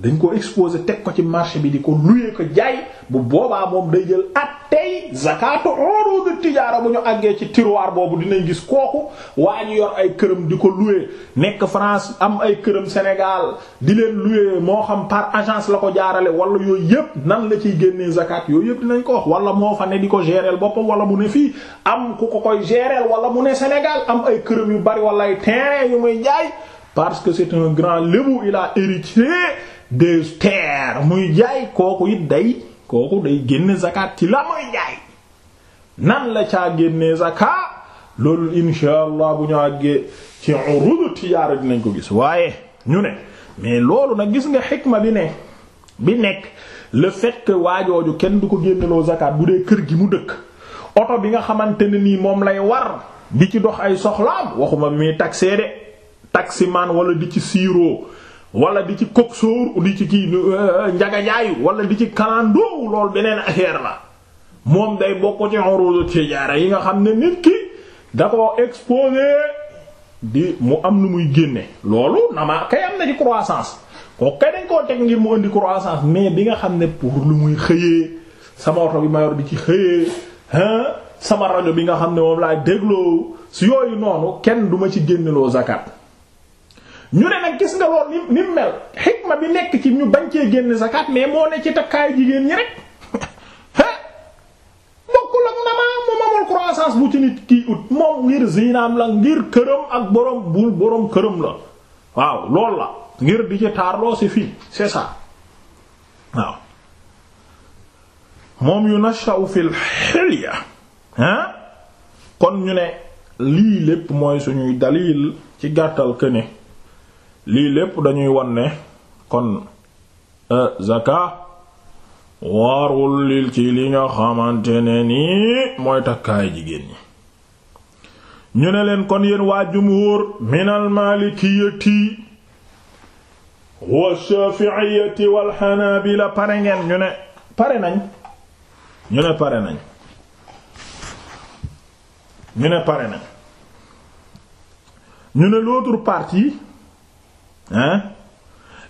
dañ ko exposé teg ko ci marché bi di ko luyee ko jaay bu boobaa moom day jël at tey zakatu urud tijaara bu ñu àggee ci tiroir boobu dinañ gis kooku waa ñu yor ay këram di ko luyee nekk France am ay këram Sénégal di leen luyee moo xam par agence la ko jaarale wala yooyu yëpp nan la ciy génnee zakat yooyu yëpp dinañ ko wax wala moo fa ne di ko gérer boppam wala mu ne fii am ku ko koy gérer wala mu ne Sénégal am ay këram yu bari wala ay terrain yu muy jaay parce que c'est un grand lébu il a des terres muy jaay kooku it day kooku day génn zakat ci la muy jaay nan la caa génnee zakat loolu insha allah bu ñu àggee ci urudu tijaara nañ ko gis waaye ñu ne mais loolu nag gis nga xikma bi ne bi nekk le fait que waajooju kenn du ko génneloo zakat bu dee kër gi mu dëkk oto bi nga xamante ne nii moom lay war di ci dox ay soxlaam waxuma mi taxé de taximaan wala di ci siiroo wala di ci coq sóor di ci kii euh, njagajaayu wala di ci kalandoo lool beneen affaire la moom day bokk ci urud tijaara yi nga xam ne nit ki da ko exposé di mu am nu muy génne loolu na ma kay am na ci croissance ko kay koo teg ngir mu indi croissance mais bi nga xam ne pour lu muy xëyee sama oto bi ma bi ci xëyee hein sama rajo bi nga xam ne moom laay dégloo si yooyu noonu kenn duma ci génneloo zakat ñu ne nag gis nga lool ni ni mel xikma bi nekk ci ñu bañ cee génn zakat mais moo ne ci takkaayu jigéen ñi rek bokkul ak na maa moom croissance bu ci nit kii ut moom ngir zinaam la ngir këram ak borom bul borom këram la waaw lool la ngir di ci taarloo si fii c'est ça waaw moom yu nashaw fil hilya ah kon ñu ne lii lépp mooy suñuy dalil ci gàttal que lii lépp dañuy won kon e, zaka warul lil ci li nga xamante ne nii mooy takkaay jigéen ñi ñu ne leen kon yéen waa jumhur minal maalikiyati wa shafi'iyati wal hanabila pare ngeen ñu ne pare nañ ñu ne pare nañ ñu ne pare nañ hein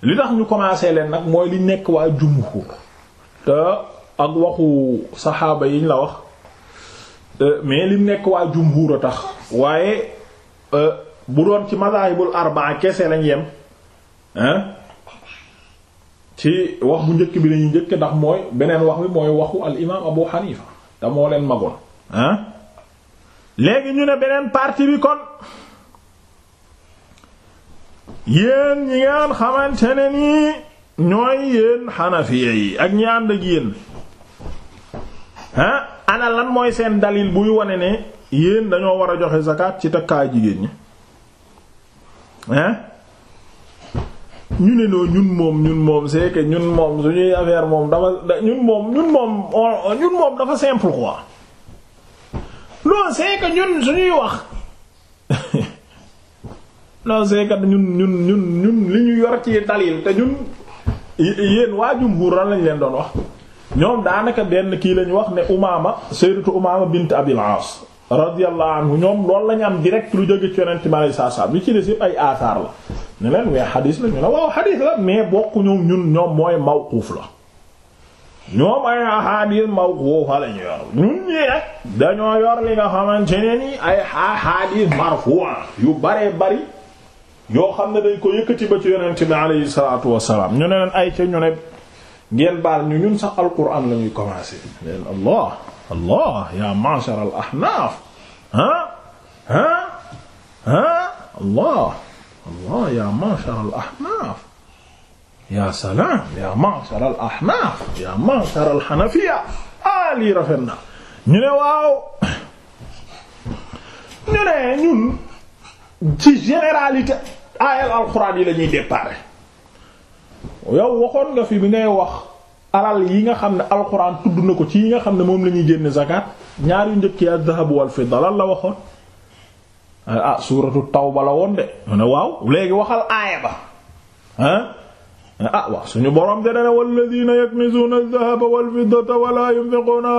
li tax ñu commencé leen nag mooy li nekk waa jumhur te ak waxu saxaaba yiñ la wax mais li nekk waa jumhur a tax waaye e, bu doon ci madahibul arbaa kese lañ yem ci wax bu njëkk bi lañuy njëkk ndax mooy beneen wax bi mooy waxu al Abu Hanifa te moo leen magoon léegi ñu ne beneen partie bi kon yéen ñi nga xamante ne nii ñooy yéen xanafiya yi ak ñi ànd ak yéen ah ana lan mooy seen dalil buy wane ne yéen dañoo war a joxe zakat ci takkaay jigéen ñi ah ñu ne noo ñun moom ñun moom c'est ñun moom suñuy affaire moom dafa ñun moom ñun moom dafa simple quoi non c'est ñun suñuy wax non c'est ñun ñun ñun ñun li ñu yor ci dalil te ñun yéen waa jumhur lan lañ leen doon wax ñoom daanaka benn kii lañ wax ne Umaama sayyidatu Umaama bint Abil Aas radiyallahu anhu ñoom loolu lañ am direct lu jóge ci yonent mi alayhi li ci des yëpp ay asaar la ne leen mais xadiis la ñu ne waaw xadiis la mais bokku ñoom ñun ñoom mooy mawquuf la ñoom ay ahadis mawquufa la yor ñun ñi rek dañoo yor li nga xamante ne ni ay ahadis marfu'a yu bare bari yoo xam ne dañ ko yëkkati ba ci yonent ne leen ay ca ñu ne ngeen baal ñu ñun sax alquran la ñuy commencé leen allah allah ya ma'shar al ahnaf ah allah allah ya ma'shar al ya salaam ya ma'shar al ahnaf ya ma'shar al hanafiya ah lii rafet na ñu ne waaw ñu ne ñun ci généralité aayal alxuraan yi la ñuy déparé yow waxoon nga fi bi ngay wax alal yi nga xam ne alxuraan tudd na ko ci yi nga xam ne moom la ñuy génne zakat ñaar yu njëkk yi ad-dahab wal fidda lan la waxoon ah suuratu tawba la woon de waaw léegi waxal aaya ba ah ah waaw suñu borom te dana walladina yaknizuna adh-dhahaba wal fiddata wa la yunfiquna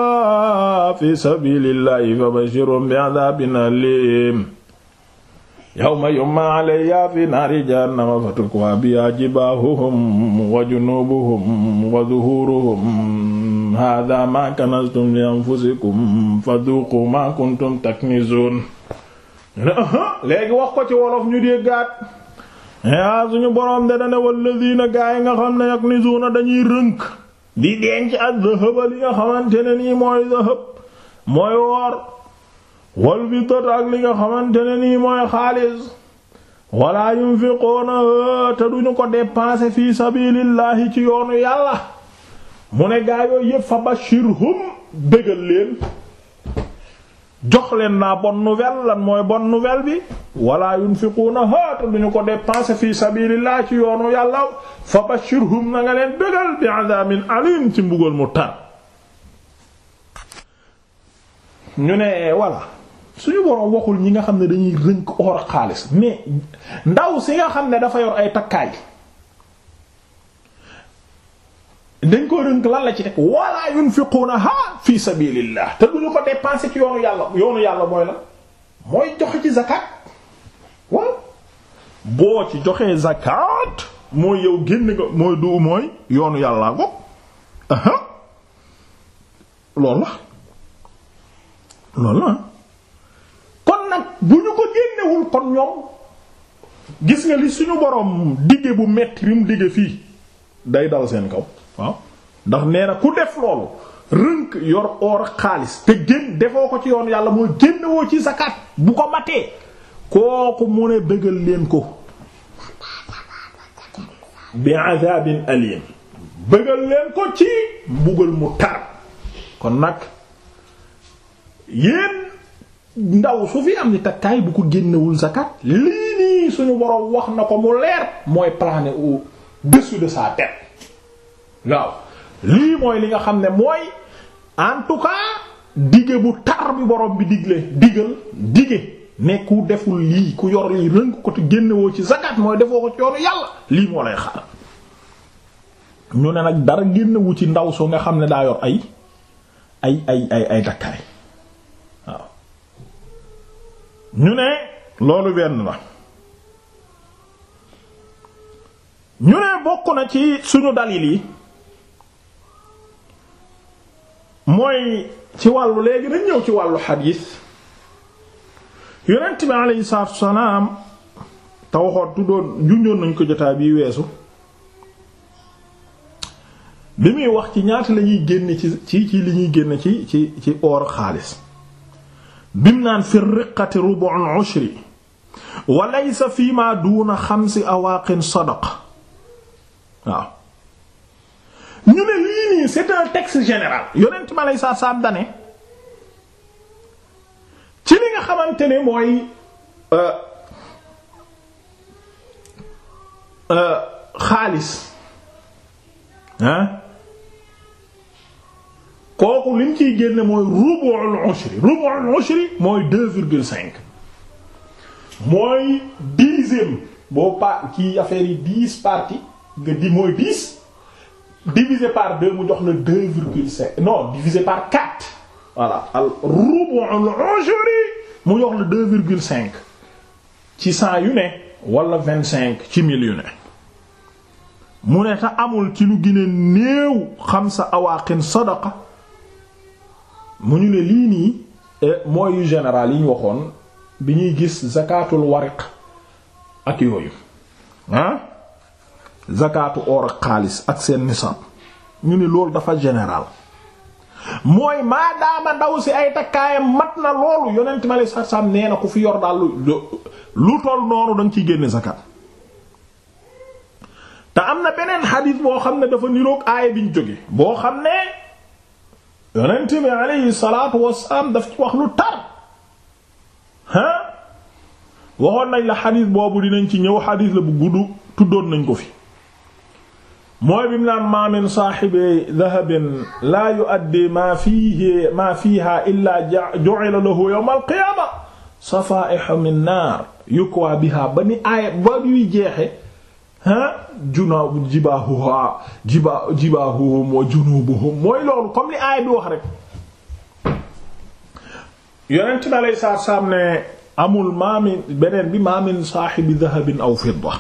fi sabilillahi fabashirhum bi'adhabin alim yawma yumma alayya fi naari jahannama fatukwa biha jibaahuhum wa junubuhum wa zuhuruhum hadha ma kanaztum li anfusikum fadhuqu ma kuntum taknizun léegi wax ko ci wolof ñu déggaat yaa eh, ah, suñu boroom de dane walladina gaa yi nga xam ne yaknizuna dañuy rënk di denc ak zahaba li nga xamante ne mooy zahab mooy woor wal fiddat ak li nga xamante ne nii mooy xaalis wala yunfiquna te duñu ko dépenser fi sabilillahi ci yoonu yàlla mu ne gaa yooyu yépp fa bashirhum bégal leen jox leen naa bonne nouvelle lan mooy bonne nuwel bi wala yunfiquna te duñu ko dépenser fi sabilillahi ci yoonu yàlla fa bashirhum na nga leen bégal bi adabin alim ci mbugal mu tar ñu ne voilà suñu boroom waxul ñi nga xam ne dañuy rënk or xaalis mais ndaw si nga xam ne dafa yor ay takkaay dañ koo rënk lan la ci teg wala yunfiqunaha fi sabilillah te duñu ko dépenser ci yoonu yàlla yoonu yàlla mooy la mooy joxe ci zakat waaw boo ci joxee zakat mooy yow génn mooy du mooy yoonu yàllaa gopp aha la loolu la nag bu ñu ko génnewul kon ñoom gis nga li suñu borom digge bu metti rim digge fii day dal seen kaw waaw ndax nee na ku def loolu rënk yor or xaalis te génn defoo ko ci yoon yàlla mooy génnewoo ci zakat bu ko matee kooku mu ne bëggal leen ko bi azabin alim bëggal leen ko ci mbugal mu tar kon nag yéen ndaw su fi am ni takkaay bu ko génnewul zakat lii nii suñu boroom wax na ko mu leer mooy planer au-dessus de sa tête waaw lii mooy li nga xam ne mooy en tout cas dige bu tar bi boroom bi digle digal dige ne ku deful lii ku yor lii rënk ko génnewoo ci zakat mooy defoo ko ci yoonu yàlla lii moo lay xaar ñu ne nag dara génnewu ci ndaw soo nga xam ne daa yor ay ay ay ay ay ñu ne loolu wenn la ñu ne bokk na ci suñu dalil yi mooy ci wàllu léegi nañ ñëw ci wàllu xadiis yonent bi alayhi salaatu wassalaam te waxoon tuddoon junjoon nañ ko jotaay bii weesu bi muy wax ci ñaata lañuy ñuy génn ci ci ci li ñuy génn ci ci ci or xaalis bim naan fi riqati rubu'ul ushri wa laysa fi ma duuna xamsi awaaqin sadaqa waaw ñu ne lii nii c'est un texte général yonent saa nga xamante ne mooy euh, euh, xaalis hein kooku li mu ciy génne mooy rubu'ul ushri rubu'ul ushri mooy deux virgule cinq mooy dixième boo pa ci affaire yi dix parties nga di mooy dix divisé par deux mu jox la deux virgule cinq non divisé par quatre voilà al rubu'ul ushri mu jox la cinq ci cent yu ne wala ci mille yu ne mu ne te amul ci lu gën a néew xamsa awaqin mu ñu ne lii nii eh, mooy yu général yi ñu waxoon bi ñuy gis zakatul wariq ak yooyu ah zakatu ak xaalis ak seen nisab ñu ne loolu dafa général mooy maadaama ndaw si ay takkaayam mat na loolu yonent ma lay sarsam nee na ku fi yor daal lu toll noonu danga ciy génne zakat te am na beneen xadiis boo xam ne dafa niroog aaya bi ñu jóge boo xam ne yonent bi alayhi salaatu wasalaam daf ci wax lu tar ah waxoon nañ la xadiis boobu dinañ ci ñëw xadiis la bu gudd tuddoon nañ ko fi mooy bi mu naan maa min saaxibi dahabin laa yuaddi maa fiihi maa fiiha illaa ju'ila jeexe junaa jibaahuha jiba jibaahuhum wa junubuhum mooy loolu comme li aay bi wax rek yonent bi aleyhi salaatu salaam ne amul maamin beneen bi maamin saaxibi dahabin aw fidda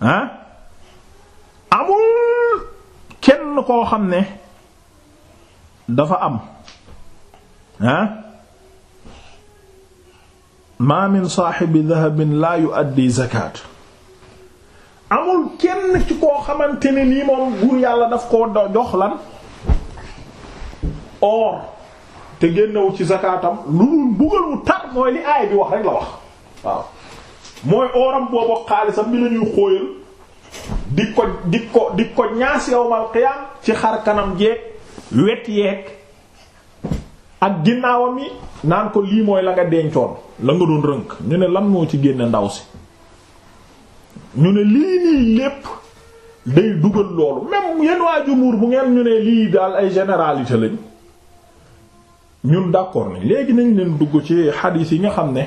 ah amul kenn koo xam ne dafa am ah maamin saaxibi dahabin laa yu'addi zakaat koo xamante ne nii moom buur yàlla daf koo jox lan or te génnewu ci zakaatam lu dul mbugal wu tar mooy li aay bi wax rek la wax waaw mooy oram boobu xaalisam bi la ñuy xóoyal di ko di ko ñaas yowmal xiyaam ci xar kanam jeeg wet yeeg ak ginnaawam yi naan ko lii mooy la nga dencoon la nga doon rënk ñu ne lan moo ci génn ndaw si ñu ne lii nii lépp day dugal loolu même yéen waa jumuur bu ngeen ñu ne lii daal ay généralité lañ ñun d'accord nañ léegi nañ leen dugg ci xadiis yi nga xam ne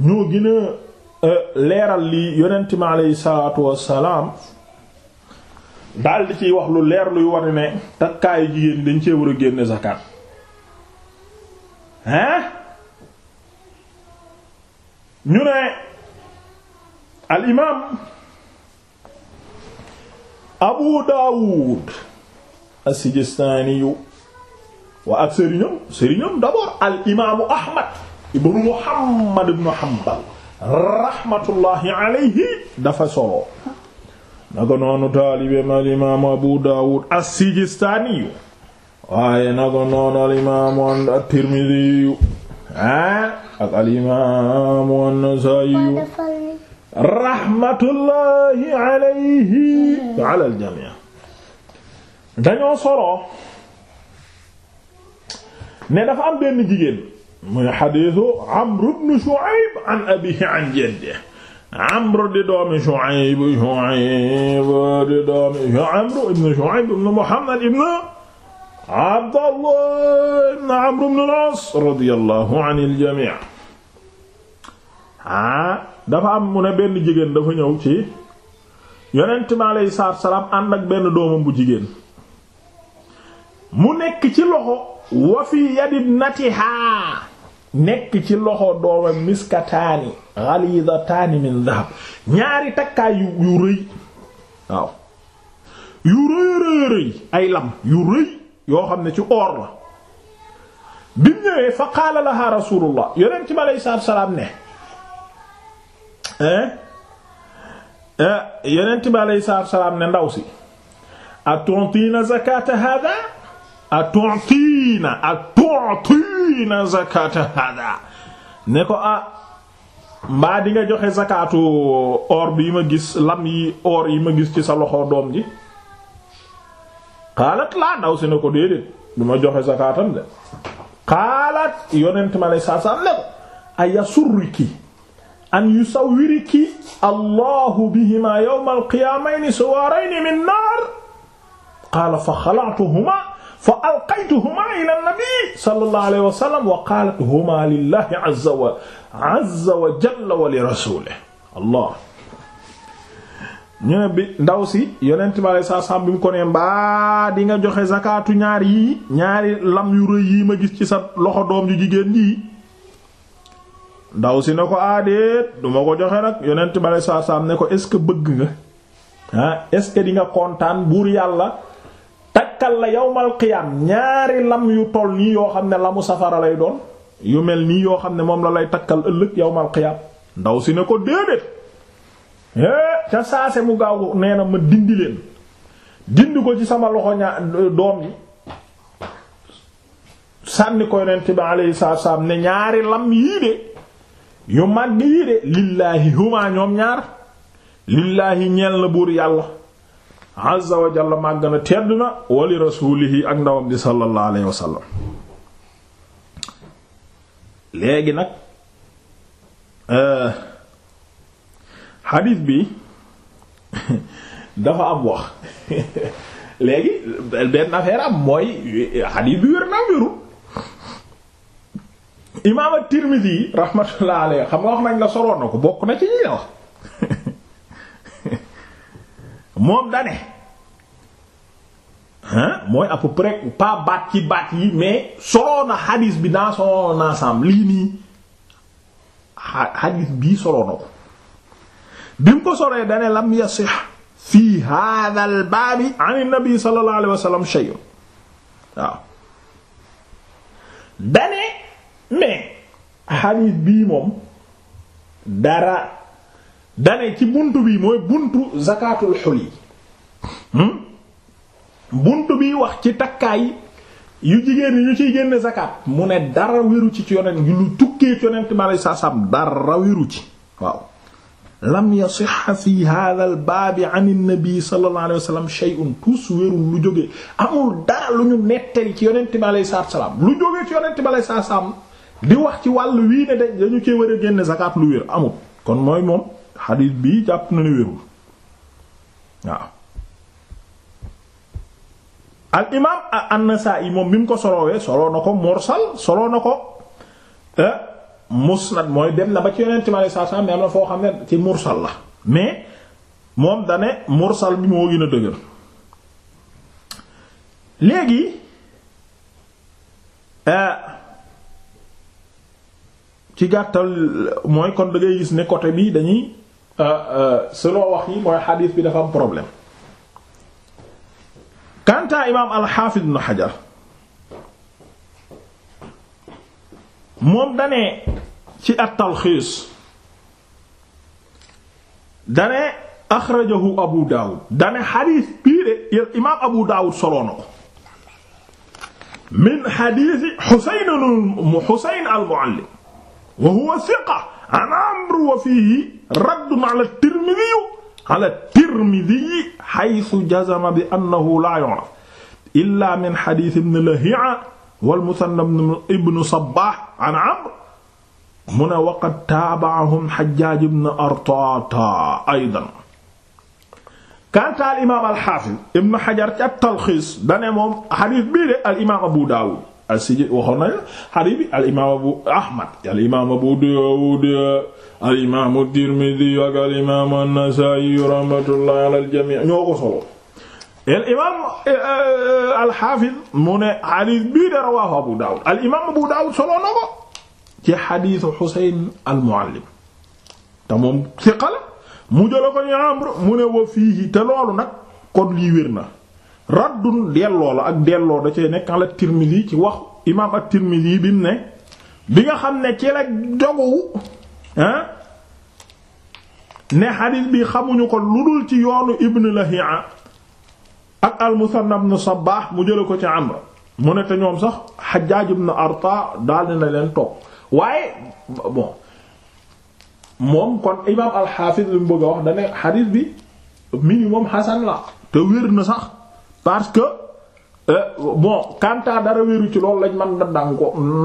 ñoo gën euh, leeral li yonent mi aleyhi salaatu wassalaam daldi ciy wax lu leer luy wane ne takkaayu jigéen dañ cee war a génne zakat hein ñu ne al imaam abu daawud as-sijistaaniyu waa ak sëriñam sëriñam d'abord al imaamu ahmad ibnu muhammad ibnu hanbal rahmatullahi alayhi dafa taalibeem al imaamu abu daawud as-sijistaaniyu waaye naka noonu al imaamu at-tirmidhiyu ah al imaamu an-nasaa'iyu rahmatullahi alayhi wa ala al-jamii dañoo soroo ne dafa am benn jigéen muy xadiisu Amr ibn Shu'ayb an abiihi an jaddihi Amr di doomi Shu'ayb Shu'ayb di doomi Amr ibn Shu'ayb ibn Muhammad ibn Abdallah ibn Amr ibn al-As radiyallahu anil jamii ah, dafa am mu ne benn jigéen dafa ñëw ci yonent mi aleyhi salaatu salaam ànd ak benn doomam bu jigéen mu nekk ci loxo wa fi yadib nekk ci loxo doomam miskataani ghalidataani min dhahab ñaari takkaay yu yu rëy waaw yu rëy rëy ay lam yu rëy yoo xam ne ci oor la bi mu ñëwee fa qaala lahaa rasuulullah yonent mi aleyhi salaatu salaam ne Eh? Eh, yonent bi aleyhi salaatu salaam ne ndaw si atontiina a hada atontiina atontiina zakata hada ne ko ah mbaa di nga joxe zakatu or bi ma gis lam yi or yi ma gis ci sa loxo doom ji xaalat laa ndaw si ne ko déedéet du ma joxe zakatam de xaalat yonent bi aleyhi ne ko aya an yusawwiriki allahu bihima yawma alqiyamayni suwarayni min naar qaala fa xala'tuhuma fa alqaytuhuma ila nabi wa sallam lillahi azza wa jalla wa li rasulihi allah ñu ndaw si yonent bi salaam bi mu ko mbaa di nga joxe zakatu ñaar yii ñaari lam yu rëy ma gis ci sa loxo doom ju jigéen ji ndaw si ne ko aadéet ah, du ma ko joxe nag yonent bale saa saam ne ko est ce que bëgg nga ah est ce que di nga kontaan buur yàlla takkal la yawmal qiyaam ñaari lam yu toll nii yoo xam ne lamu safara lay doon yu mel nii yoo xam ne moom la lay takkal ëllëg yawmal qiyaam ndaw si ne ko déedéet é eh, ca saase mu gaaw nee na ma dindi leen dindi ko ci sama loxo ñaa doom yi sànni ko yonent bi alayhi salaam ne ñaari lam yii de yu mag yii de lillaahi huma ñoom ñaar lillaahi ñeel na buur yàlla azza wa jalla màgg na tedd na wali rasuulihi ak ndawam bi sallallahu alayhi wa léegi nag xadiis euh, bi dafa am wax léegi benn affaire am mooy xadiis bi wér naa wérul imaam at-Tirmidhi yi xam nga wax nañ la soroon na ko bokk na ci ñi wax moom dane mooy à pas baat ci baat yi mais soroon na xadiis bi dans son ensemble lii nii xadiis bii soroon ko bi mu ko soree dane lam yasix fi hadha baabi an nabi sallallahu alayhi wa sallam waaw xadiis bii moom dara dane ci buntu bi mooy buntu zakatul xul yi hmm? buntu bi wax ci takkaay yu jigéen ñi ñu ciy génne zakat mu ne dara wéru ci ci yonent gi lu tukkee ci yonent ma lay sasam dara wéru ci waaw lam yasix fi hada al baabi an nabi sallallahu alayhi wa sallam shay'un tous wérul lu jógee amul dara lu ñu nettali ci yonent bi aleyhi salaatu wa lu jógee ci yonent bi aleyhi salaatu wa di wax ci wàll wii ne dañu cee war a génne zakat lu wér amut kon mooy moom xadiis bi jàpp na ne wérul waaw al imaam an-Nasaa'i moom bi mu ko solowee soloo na ko morsal soloo na ko mos eh, musnad mooy dem na ba ci yonent mi alayhi salaatu salaam mais am na foo xam ne ci mursal la mais moom dane mursal bi moo gën dëgër léegi eh, ci gàttal mooy kon da ngay ne côté bi dañuy euh, euh, selon bi dafa am problème kanta imaam xajar moom danee ci at-talxiis dane axrajahu abu daawud dane xadiis bii de imaam abu daawud soloo na min xadiisi xuseyn xuseyn al-muallim wa huwa thiqa an amr wa fihi raddun ala tirmidhi ala tirmidhi haythu jazama bi annahu la yu'raf illa min hadith ibn lahi'a wal muthanna ibn sabbah an amr mu ne waqad taaba'ahum hajjaj ibn artata aydan kanta al imam al hafiz ibn hajar ci at talkhis dane moom hadith bi de al imam abu dawud al imaam abu daawud al imaam abu daawud eh, eh, al imaam abu daawud solo na ko ci xadiisu al muallim te moom siqa mu jëla ko ñu amr mu ne wa fiihi te loolu nag kon lii raddun delloo la ak delloo da cay nekk ala Tirmidhi ci wax imaam at-Tirmidhi bi mu ne bi nga xam ne ci la dogowu ne xadiis bi xamuñu ko lu dul ci yoonu Ibn Lahi'a ak al-Musanna ibn Sabbah mu jële ko ci Amr mu ne te ñoom sax Hajjaj ibn Arta daal na leen topp waaye bon moom kon imaam al-Hafiz li mu bëgg a wax da ne xadiis bi minimum hasan la te wér na sax. parce que euh, bon kanta dara wéru ci loolu lañ mën da dang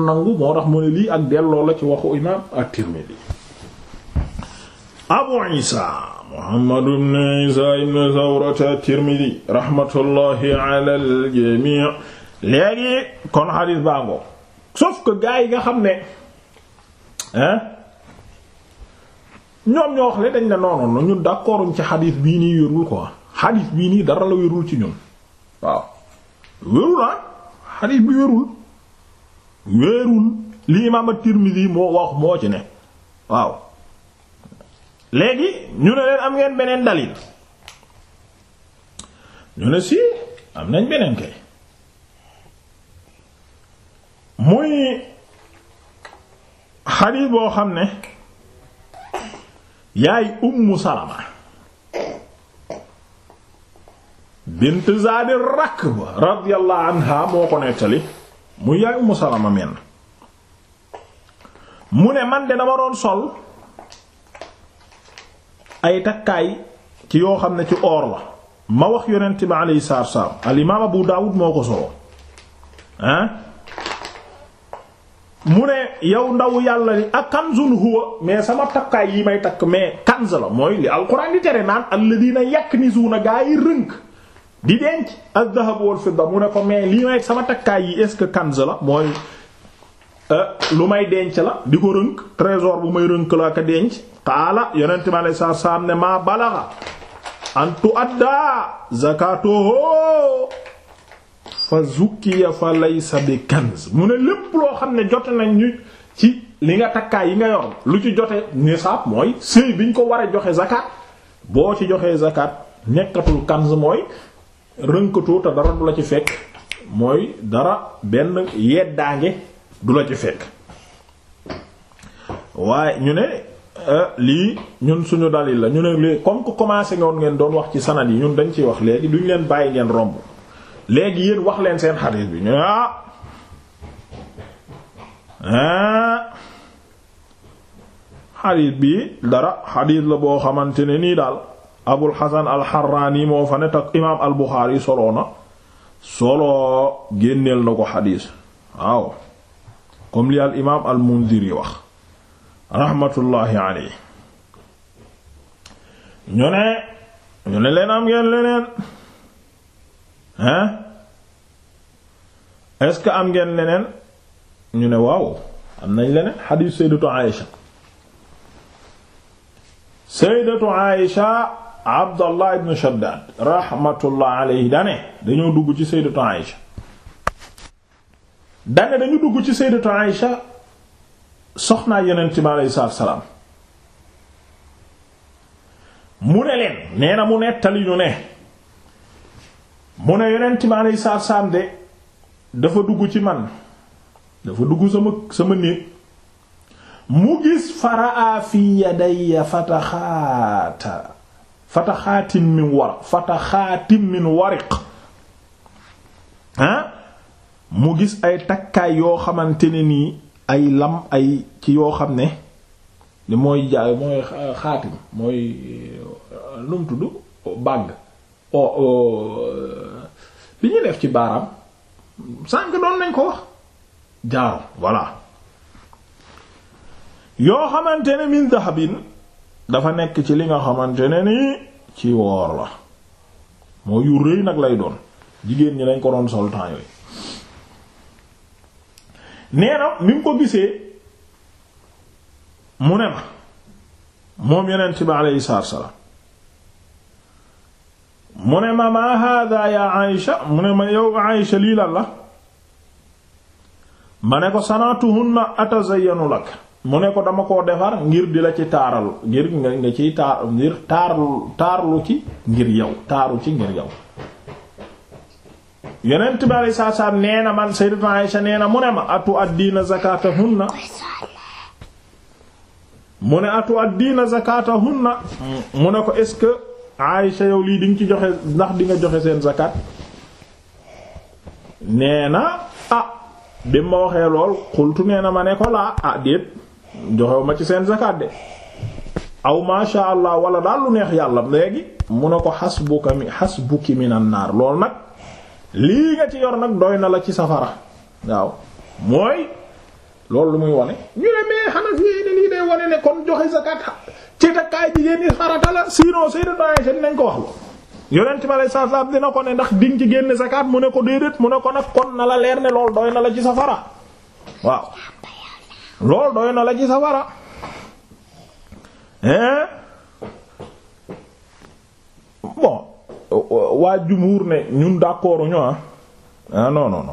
nangu moo tax mu ne lii ak delloo la ci waxu imam at-Tirmidhi Abu Isa Muhammad ibn Isa ibn Zawrata at-Tirmidhi rahmatullahi ala al léegi kon xadis bango sauf que gars yi nga xam ne hein ñoom ñoo wax le dañ ne noonu ñun d'accorduñ ci xadis bii nii wérul quoi xadis bii nii dara la wérul ci ñun waaw wérul ah xadiis bi wérul wérul li imaam at-Tirmidhi moo wax moo ci ne waaw léegi ñu ne leen am ngeen beneen dalil ñu ne si am nañ beneen kay muy xadiis boo xam ne yaay Ummu Salama bint Zaadi Rakba radiyallahu anha moo ko nettali mu yàgg mu salama men mu ne man de dama doon sol ay takkaay ci yoo xam ne ci or la ma wax yonent bi alayhi salaam al Abu Daawud moo ko solo ah? mu ne yow ndaw yàlla li ak kanzun huwa mais sama takkaay yi may takk mais kanz la mooy li alxuraan di tere naan alladina yaknizuna gaa yi rënk di denc az-zahab wal fidda mu ne ko mais lii may sama takkaay yi est-ce que kanz la mooy euh, lu may denc la di ko rënk trésor bu may rënk la ka denc qaala yonent mi alayhi salaatu salaam ne maa balaga an tu'adda zakatuhu fa zukkiya fa laysa bi kanz mu ne lépp loo xam ne jote nañ ci li nga takkaay yi nga yor lu ci jote nisaab mooy sëy bi ñu ko war joxe zakat boo ci joxee zakat nekkatul kanz mooy rënkatoo te dara du la ci fekk mooy dara benn yeddaange du la ci fekk waaye ñu ne euh, lii ñun suñu dalil la ñu ne léegi comme que commencé ngeen doon wax ci sanad yi ñun dañ ciy wax léegi duñ leen bàyyi ngeen romb léegi yéen wax leen seen xadiis bi ñu ah ah xadiis bi dara xadiis la boo xamante ne nii daal. abul xasan alxarraani moo fa ne tak imaam al buxaari soloo na soloo génneel na ko xadiis waaw comme li al imaam al mundiri wax raxmatullaahi aley ñu ne ñu ne leen am ngeen leneen hein est-ce que am ngeen leneen ñu ne waaw am nañ leneen xadiis sayyidatu Aïsha sayyidatu Aïsha Abdallah ibn Shaddad rahmatullah alayhi dane dañoo dugg ci sayyidatu Aïsha dane dañu dugg ci sayyidatu Aïsha soxnaa yonent bi alayhi salaam mu ne leen nee na mu nettali ñu ne mu ne yonent bi alayhi salaam de dafa dugg ci man dafa dugg sama sama néeg mu gis faraa fi yadayya fataxaata fataxaatin min waraq fataxaatin min wariq ah mu gis ay takkaay yoo xamante ne nii ay lam ay ci yoo xam ne li mooy jaay mooy xaatim mooy eh, lu mu tudd bàgg bi ñu def ci baaraam sànq doon nañ ko wax jaaro voilà yoo xamante ne min dahabin dafa nekk ci li nga xamante ne ni ci woor la moo yu rëy nag lay doon jigéen ñi lañ ko doon sol temps yooyu nee na mu ko gisee mu ne ma moom yonent mu ne ma maa haadaa yaa Aïcha mu ne ma yow Aïcha lii lan la ma ne ko sanatuhunna yenu lakk mu ne ko dama koo defar ngir di la ci taaral ngir nga nga ciy taar ngir taar taarlu ci ngir yow taaru ci ngir yow yeneen tibaari saa saa nee na man sayyidatuna na mu ne ma atu addiina zakatahunna mu ne atu na zakatahunna mu ne ko est-ce que Aisha lii di ci joxe ndax di nga joxe seen zakat nee na ah bi ma waxee lool xultu nee na ma ne ko laa ah déet joxew ma ci seen zakat de aw masha allah wala daal lu neex yàlla léegi mu ne ko hasbuka mi hasbuki minan naar loolu nag lii nga ci yor nag doy na la ci safara waaw mooy loolu lu muy wane ñu ne mais xanaa fii ne lii day wane ne kon joxe zakat ci takkaay jigéen ñi farata la sinon Seydou Ndao Seydou ko wax loolu. yonent ma lay saa dina ko ne ndax diñ ci génn zakat mu ne ko déedéet mu ne ko nag kon na la leer ne loolu doy na la ci safara waaw. loolu doy na la ci safara hein bon waa jumuur ne ñun d'accord ñu ah ah non non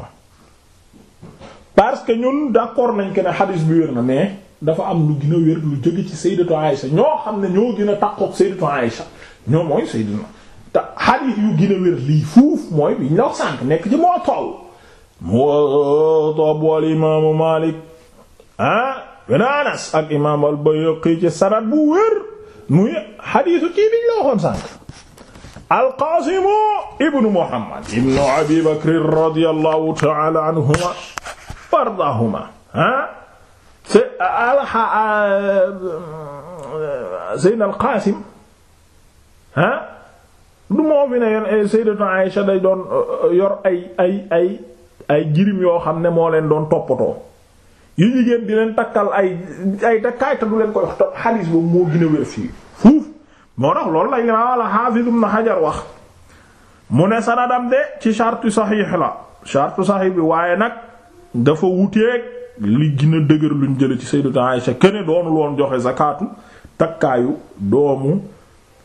parce que ñun d'accord nañ que ne xadis bi wér na mais dafa am lu gën a wér lu jóge ci sayyidatu Aïsha ñoo xam ne ñoo gën a tàqoog sayyidatu ñoo mooy sayyidatu te xadis yu gën a wér lii fuuf mooy bi la wax sànk nekk ci moo toll moo topp wal imaamu Maalik ah bena anas ak imaam al-Bayhaqi ci sanad bu wér muy xadiisu kii biñ la waxoon sànq al-Qaasimu ibnu Muhammad ibnu Abi Bakr radiyallahu ta'ala anhuma wardaahuma ah Seydina al-Qaasim ah du moo fi ne yeen eh, Sayyidatu Aïsha day doon eh, yor ay ay ay ay jirim yoo xam ne moo leen doon toppatoo yu jigéen di leen takkal ay ay takkaay te du leen ko wax te moo gën wér fii fuuf moo tax loolu la imaam al-Hafiz Ibn Hajar wax mu ne sanadam de ci shartu saxiix la shartu saxiix bi waaye nag dafa wuteeg li gën a dëgër luñ jële ci Sayyidatu Aïsha kene doonu loon joxe zakaatu takkaayu doomu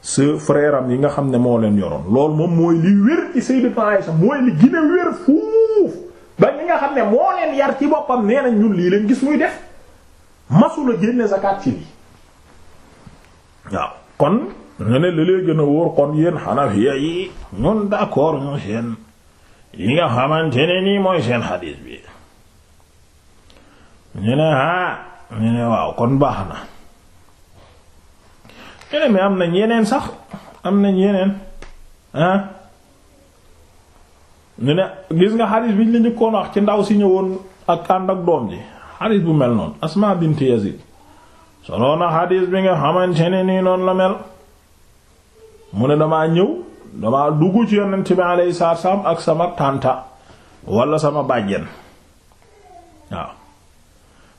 sa frère yi nga xam ne moo leen yoroon loolu moom mooy li wér ci Sayyidatu Aïsha mooy li gën wér fuuf ba ñi nga xam ne moo leen yar ci boppam nee nañ ñun lii leen gis muy def masula génne zakat ci lii waaw kon nga ne la a wóor kon yéen Hanafiya yi ñun d'accord ñu seen yi nga xamante ne nii mooy seen xadiis bi ñu ne ah ñu ne waaw kon baax na ñu ne mais am nañ yeneen sax am nañ yeneen ah ñu ne gis nga xadis bi ñu la njëkkoon wax ci ndaw si ñëwoon ak ànd ak doom ji xadis bu mel noonu asmaa bint Yazid soloon na xadis bi nga xamante ne noonu la mel mu ne damaa ñëw damaa dugg ci yonent bi alayhi salaam ak sama tànta wala sama bàjjen waaw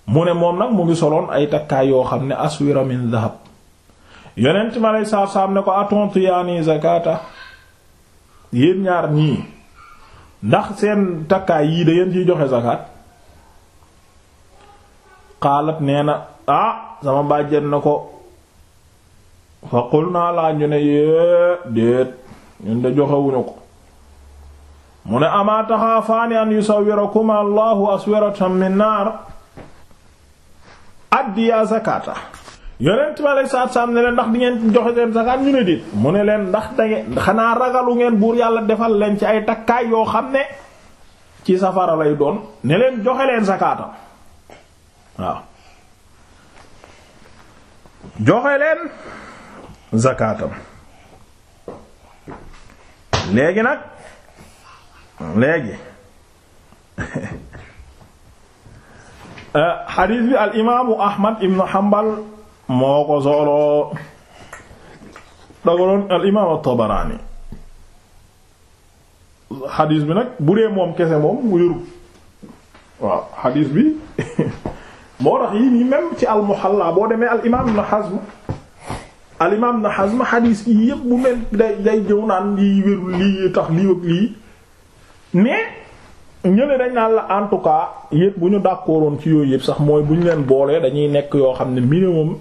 mu ne moom nag mu ngi soloon ay takkaay yoo xam ne aswira min yonent bi alayhi salaam ne ko atontu yaani zakata yéen ñaar ñii ndax seen takkaay yii da ngeen ciy joxe zakat xaalat nee na ah sama bàjjen na ko fa qul naa laa ñu ne yée déet ñun de joxewuñu ko mu ne amaa taxaafaani an yusawwirakuma allahu aswiratan min naar addiya yonent bi alayhi salaatu ne leen ndax di ngeen joxe seen zakat ñu ne mu ne leen ndax da xanaa ragalu ngeen buur yàlla defal leen ci ay takkaay yoo xam ne ci safara lay doon ne leen joxe leen zakaatam waaw joxe leen zakaatam léegi nag léegi xadiis euh, bi al imaamu Ahmad ibnu Hanbal moo ko solo dagaloon al imaam at-Tabaraani xadiis bi nag bu moom kese moom mu yëru waaw xadiis bi moo tax yii nii même ci al boo demee al imaam Ibn Hazm al imaam Ibn Hazm xadiis yii yëpp bu mel day day jëw naan lii wérul lii tax lii ak lii mais ñële dañ la en tout cas yëpp bu ñu d'accordoon ci yooyu yëpp sax mooy bu ñu leen boolee dañuy nekk yoo xam ne minimum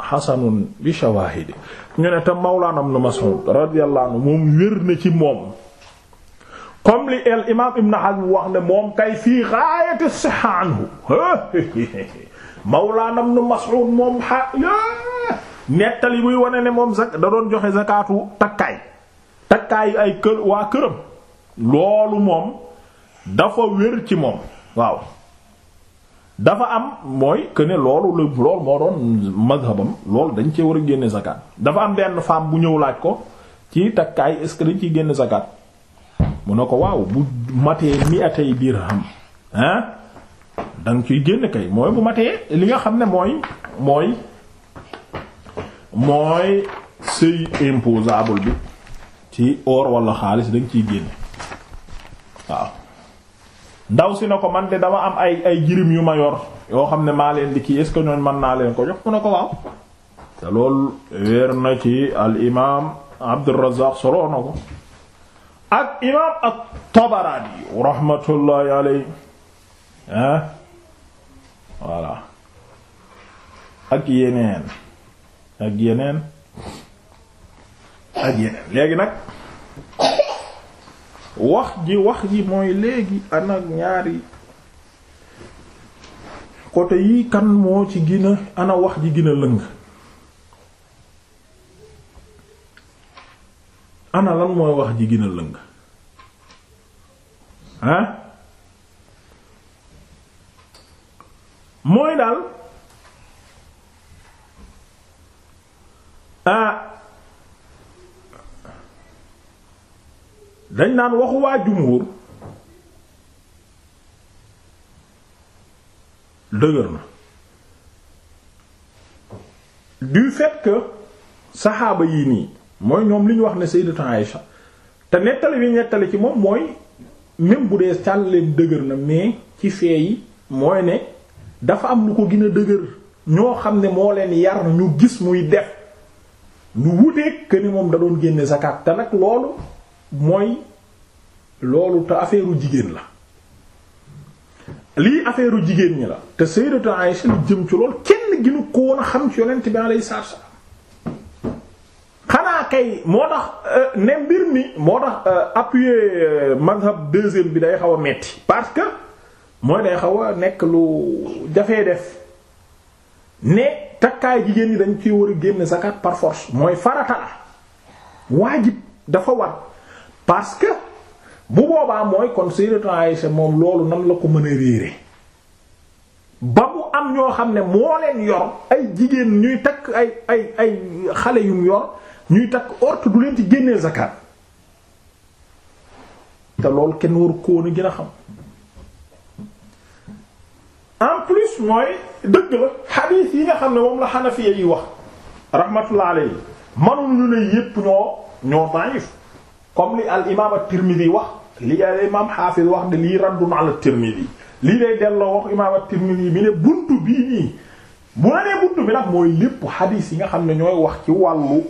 xasanun bi shawahidi ñu ne tam mawlaana ibn Mas'ud radiyallahu moom wér na ci moom comme li el imam Ibn Hazm wax ne moom kay fii gaayati sihha anhu mawlaana ibn Mas'ud moom a nettali buy wane ne moom da doon joxe zakatu takkaay takkaay ay kër waa këram loolu moom dafa wér ci moom waaw dafa am mooy que ne loolu lu loolu moo doon mazhabam loolu dañ cee war a génne zakat dafa am benn femme bu ñëw laaj ko ci takkaay est ce que dañ ciy génne zakat mu ne ko waaw bu matee mi atay dirham ah da nga ciy génn kay mooy bu matee li nga xam ne mooy mooy mooy seuil imposable bi ci or wala xaalis da nga ciy génn waaw ndaw si na ko man de dama am ay ay jirim yu ma yor yoo xam ne maa leen di kii est ce ñooñ mën naa leen ko jox mu ne ko waaw te loolu weer na ci al imaam Abdurrazzaq soloo na ko ak imaam at ah, voilà ak yeneen ak yeneen ak yeneen léegi nag wax ji wax ji mooy léegi ana ñaari côté yi kan moo ci gën a ana wax ji gën a lëng ana lan mooy wax ji gën a lëng ah mooy daal ah dañ naan waxu waa jumhur dëgër na du fait saxaaba yi nii mooy ñoom li ñu wax ne Sayyidatu Aïcha te nettali bi nettali ci moom mooy même bu dee càll leen dëgër na mais ci fee yi mooy ne dafa am lu ko gën a dëgër ñoo xam ne moo leen yar ñu gis muy def ñu wuteeg que moom da doon génne zakat te nag loolu mooy loolu te affaire jigéen la lii affaire u jigéen ñi la te sayyidatu Aïsha jëm ci lool kenn ginu ko a xam ci yonent bi alayhi salaatu salaam xanaa kay moo tax euh, ne mbir mi moo tax euh, appuyer euh, mazhab deuxième bi day xaw a metti parce que mooy day xaw a nekk lu jafee def ne takkaay jigéen ñi dañ ci war a génn zakat par force mooy farata la waajib dafa war parce que bu boobaa mooy kon Sayyidatu Aisha moom loolu nan la ko mën a réere ba mu am ñoo xam ne moo leen yor ay jigéen ñuy takk ay ay ay xale yum yor ñuy takk orte du leen ci génnee zakat te loolu kenn war koo na gën a xam en plus mooy dëgg la xadiis yi nga xam ne moom la xanafiya yi wax rahmatullah alayhi manum ñu ne yépp ñoo ñoo daif comme li al imaam at-Tirmidhi wax li al imaam Hafiz wax ne lii raddun ala at-Tirmidhi lii lay delloo wax imaam at-Tirmidhi bi ne buntu bii nii bu la nee buntu bi nag mooy lépp yi nga xam ne ñooy wax ci wàllu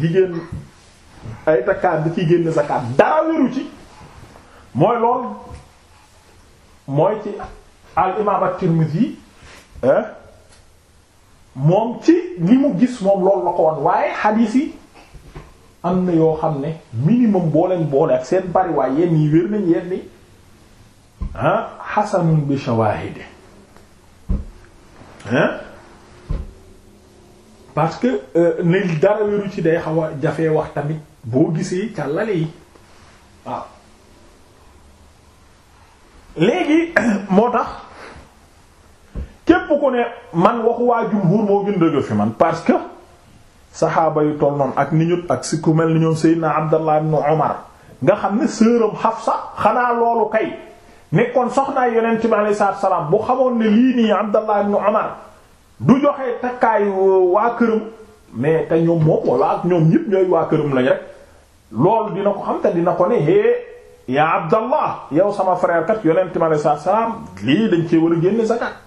jigéen ay takkaat da ciy génn zakaat lool mooy ci al imaam at-Tirmidhi eh, moom ci li mu gis moom loolu la wan waaye hadith am na yoo xam ne minimum boo leen boole ak seen bariwaay yenn yi wér nañ yenn yi ah xasanun bi shawahid hein ah? parce que euh, ne dara wéru ci day xaw jafe wax tamit boo gisee càllale yi waaw léegi moo tax képp ko ne man waxu waa jumhur moo gën dëgg fi man parce que saxaaba yu toll noonu ak ni ñu ak si ku mel ni ñoom Seydina Abdallah ibn Umar nga xam ne sëram Hafsa xanaa loolu kay nekkoon soxnaay yonent bi alayhi salaatu salaam bu xamoon ne lii nii Abdallah ibn Umar du joxe takkaayu waa këram mais te ñoom moom wala ak ñoom ñëpp ñooy waa këram lañ rek loolu dina ko xam te dina ko ne hee yaa Abdallah yow sama frère kat yonent bi alayhi salaatu salaam lii dañ cee war a génne zakat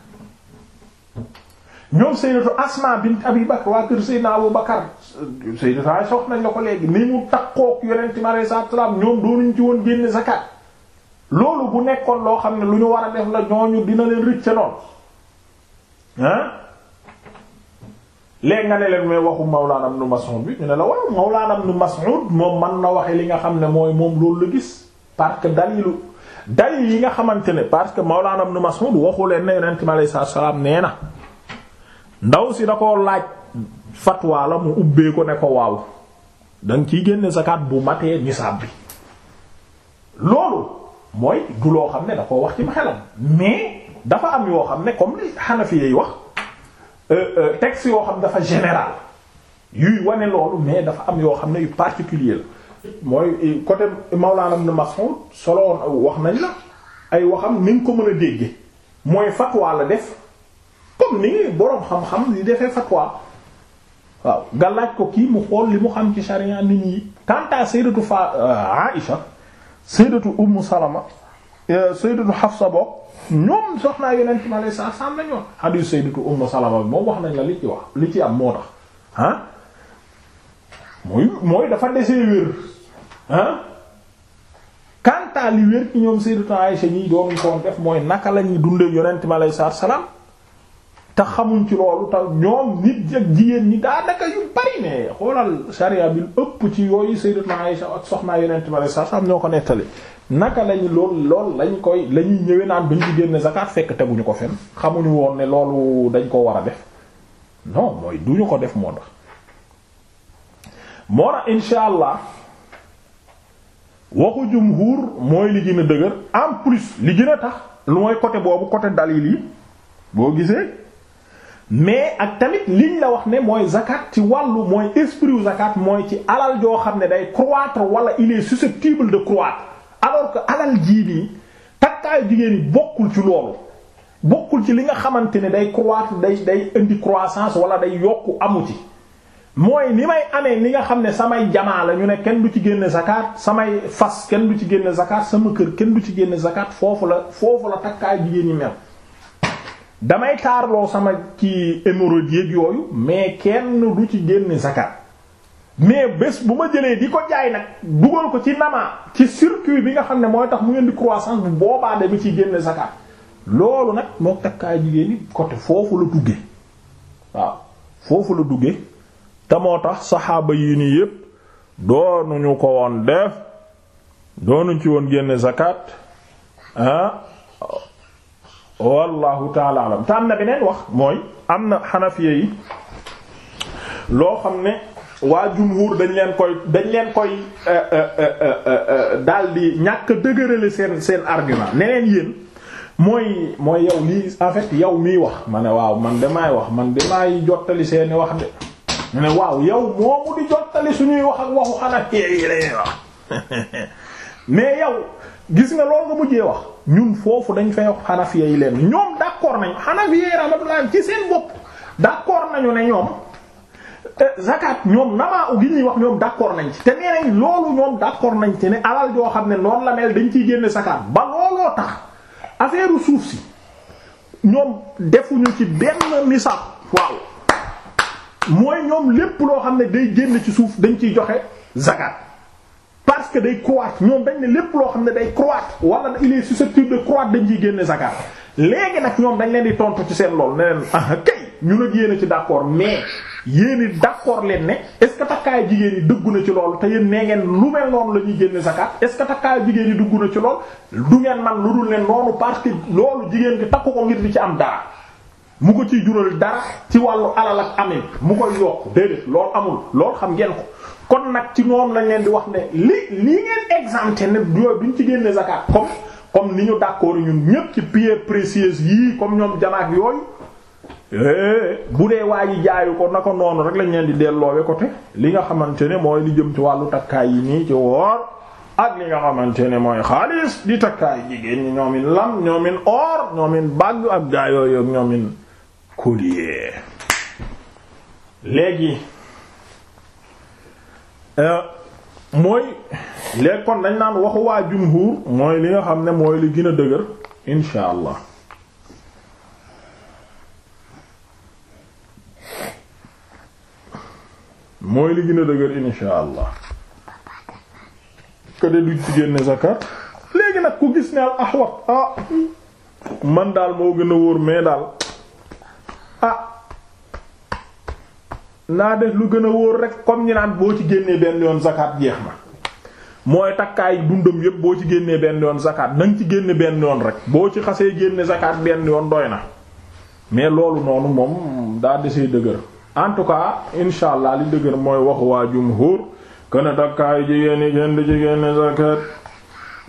ñoom sayyidatu Asma bint Abi Bakr waa kër sayyidna Abu Bakr sayyidatu Aisha wax nañ la ko léegi ni mu takkook yonent mi alayhi salaatu salaam ñoom doonuñ ci woon génne zakat loolu bu nekkoon loo xam ne lu ñu war a def la ñooñu dina leen rëcc noonu ah léegi nga ne leen mooy waxu Mawlaana Ibn Mas'ud bi ñu ne moom man na waxee li nga xam ne mooy moom loolu la gis parce que dalilu dalil yi nga xamante ne parce que Mawlaana Ibn Mas'ud waxu leen ne yonent mi alayhi salaam nee na ndaw si da koo laaj fatwa mu ubbee ko ne ko waaw danga ciy génne zakat bu matee nisaab bi loolu mooy du loo xam ne da koo wax ci mais dafa am yoo xam ne comme li Hanafi yi wax euh, euh, texte yoo xam dafa général yuy wane loolu mais dafa am yoo xam ne yu particulier la mooy côté Mawlana Ibn Mas'ud solo wax nañ la ay waxam ni ko mën a dégge mooy fatwa def comme ni boroom xam-xam li defee fatwa waaw nga ko kii mu xool li mu xam ci sharia nit ñi kanta sayyidatu fa euh, Aisha sayyidatu Ummu Salama euh, sayyidatu Hafsa bokk ñoom soxnaa yonent mi alayhi salaam lañu wax hadiis sayyidatu Ummu Salama bi moom wax nañ la li ci wax li ci am moo tax ah mooy mooy dafa desee wér ah kanta li wér ci ñoom sayyidatu Aisha ñiy doon koon def mooy naka lañuy dundee yonent mi alayhi salaam tax xamuñ ci loolu te ñoom nit ak jigéen ñi daanaka yu bari ne xoolal sharia bi ëpp ci yooyu sayyidatuna Aisha ak soxnaa yonent bi sax am ñoo ko nettali naka lañ lool lool lañ koy la ñuy ñëwee naan duñ ci génne zakat fekk teguñu ko fenn xamuñu woon ne loolu dañ ko war a def non mooy duñu ko def moo tax moo tax insha allah waxu jumhur mooy li gën a dëgër en plus li gën tax lu mooy côté boobu côté dalil yi boo gisee mais ak tamit liñ la wax ne mooy zakat ci wàllu mooy esprit wu zakat mooy ci alal joo xam ne day croître wala il est susceptible de croître alors que alal jii nii takkaayu jigéen yi bokkul ci loolu bokkul ci li nga xamante ne day croître day day indi croissance wala day yokku amu mooy ni may amee ni nga xam ne samay jamaa la ñu ne kenn du ci génne zakat samay fas kenn du ci génn zakat sama kër kenn du ci génne zakat foofu la foofu la takkaayu jigéen ñi mel. damay taarloo sama ci émeraude yéeg yooyu mais kenn du ci génn zakat mais bés bu ma jëlee di ko jaay nag dugal ko ci namaa ci circuit bi nga xam ne mooy tax mu ngeen di croissance bu boobaa dama ciy génn zakat loolu nag moo takkaay jigéen ñi côté foofu la duggee waaw foofu la dugge te moo tax saxaaba yi nii yépp doonuñu ko woon def doonuñ ci woon génn zakat ah wallahu taala alam te am na beneen wax mooy am na xanafiya yi loo xam ne waa jumhur dañ leen koy dañ leen koy euh, euh, euh, daldi ñàkk dëgërale seen seen argument ne leen yéen mooy mooy yow lii en fait yow miy wax ma ne waaw man damay wax man damaay jottali seeni wax de ñu ne waaw yow moomu di jottali suñuy wax ak waxu xanafiya yi lañuy wax mais yow gis nga loolu nga mujjee wax ñun foofu dañ fay wax xanafiya yi leen ñoom d'accord nañu xanafiya yi rahmatullah ci seen bopp d'accord nañu ne ñoom eh, zakat ñoom namaa u gi ñuy wax ñoom d'accord nañ ci te nee nañ loolu ñoom d'accord nañ ci ne alal joo xam ne noonu la mel dañ ciy génne zakat ba looloo tax affaire suuf si ñoom defuñu ci benn nisab waaw mooy ñoom lépp loo xam ne day génn ci suuf dañ ciy joxe zakat parce que day croître ñoom dañ ne lépp loo xam ne day croître wala il est susceptible de croître dañ ciy génne zakat léegi nag ñoom dañ leen di tontu ci seen lool ne leen ah kay ñu nag yéen ci d'accord mais yéen it d'accord leen ne est-ce que takkaayu jigéen yi dugg na ci lool te yéen nee ngeen lu mel noonu la ñuy génne zakat est-ce que takkaayu jigéen yi dugg na ci lool du ngeen man lu dul leen noonu parce que loolu jigéen gi takku ko ngir di ci am dara mu ko ciy jural dara ci wàllu alal ak mu koy yokk déedéet amul loolu xam ngeen ko. kon nag ci noonu lañ leen di wax ne li li ngeen exempté ne yooyu duñ ci génne zakat comme comme ni ñu d'accord ñu ñépp ci pierres précieuses yii comme ñoom janaak yooyu eh, bu dee waa ji jaayu ko na ko noonu rek lañ leen di delloowe côté li nga xamante ne mooy li jëm ci wàllu takkaay yi nii ci woor ak li nga xamante ne mooy xaalis di takkaay jigéen ñi ñoomin lam ñoomin or ñoomin bàgg ak gaayooyu ak ñoomin collier léegi Euh, mooy lekkoon kon dañ naan waxu waa jumhur mooy li nga xam ne mooy li gën a dëgër insha mooy li gën a dëgër insha allah que de du ci génne léegi nag ku gis ne al ahwat ah man daal moo gën a wóor mais daal ah naa def lu gën a wóor rek comme ñi naan boo ci génnee benn yoon zakat jeex na mooy takkaay dundam yépp boo ci génnee benn yoon zakat na ci génne benn yoon rek boo ci xasee génne zakat benn yoon doy na mais loolu noonu moom daa desee dëgër en tout cas incha allah li dëgër mooy waxu waa jumhur kën a takkaayu jigéen yi kenn du ci génne zakat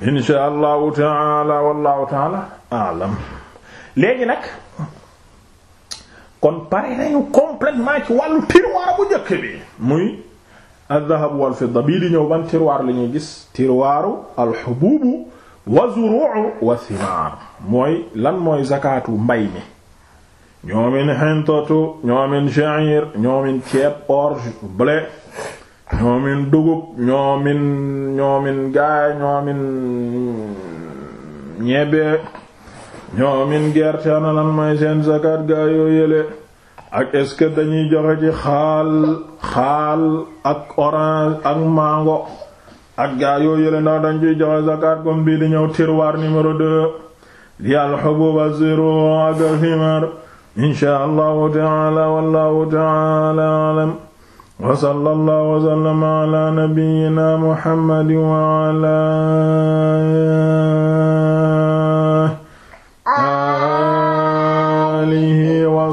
incha allahu taala wallahu taala alam léegi nag kon pare nañu complètement bu njëkk muy al-dhahab wal fidda bii di ñëw ban tiroir la ñuy gis tiroiru al-hububu wa zuru'u wa thimar mooy lan mooy zakatu mbay mi ñoomin xintatu ñoomin sha'ir ñoomin orge blé ñoomin dugub ñoomin ñoomin gaay ñebe ñoomin gerte ana lan mooy seen zakat gaa yoo yële ak est dañuy joxe ci xaal xaal ak orange ak mango ak gaa yoo yële ndax dañ ciy joxe zakat comme bii di ñëw tiroir numéro 2 di al-hubub az-ziru' ak al-himar insha allahu taala wallahu taala alam wa sallallahu wa sallama ala nabiyyina muhammadin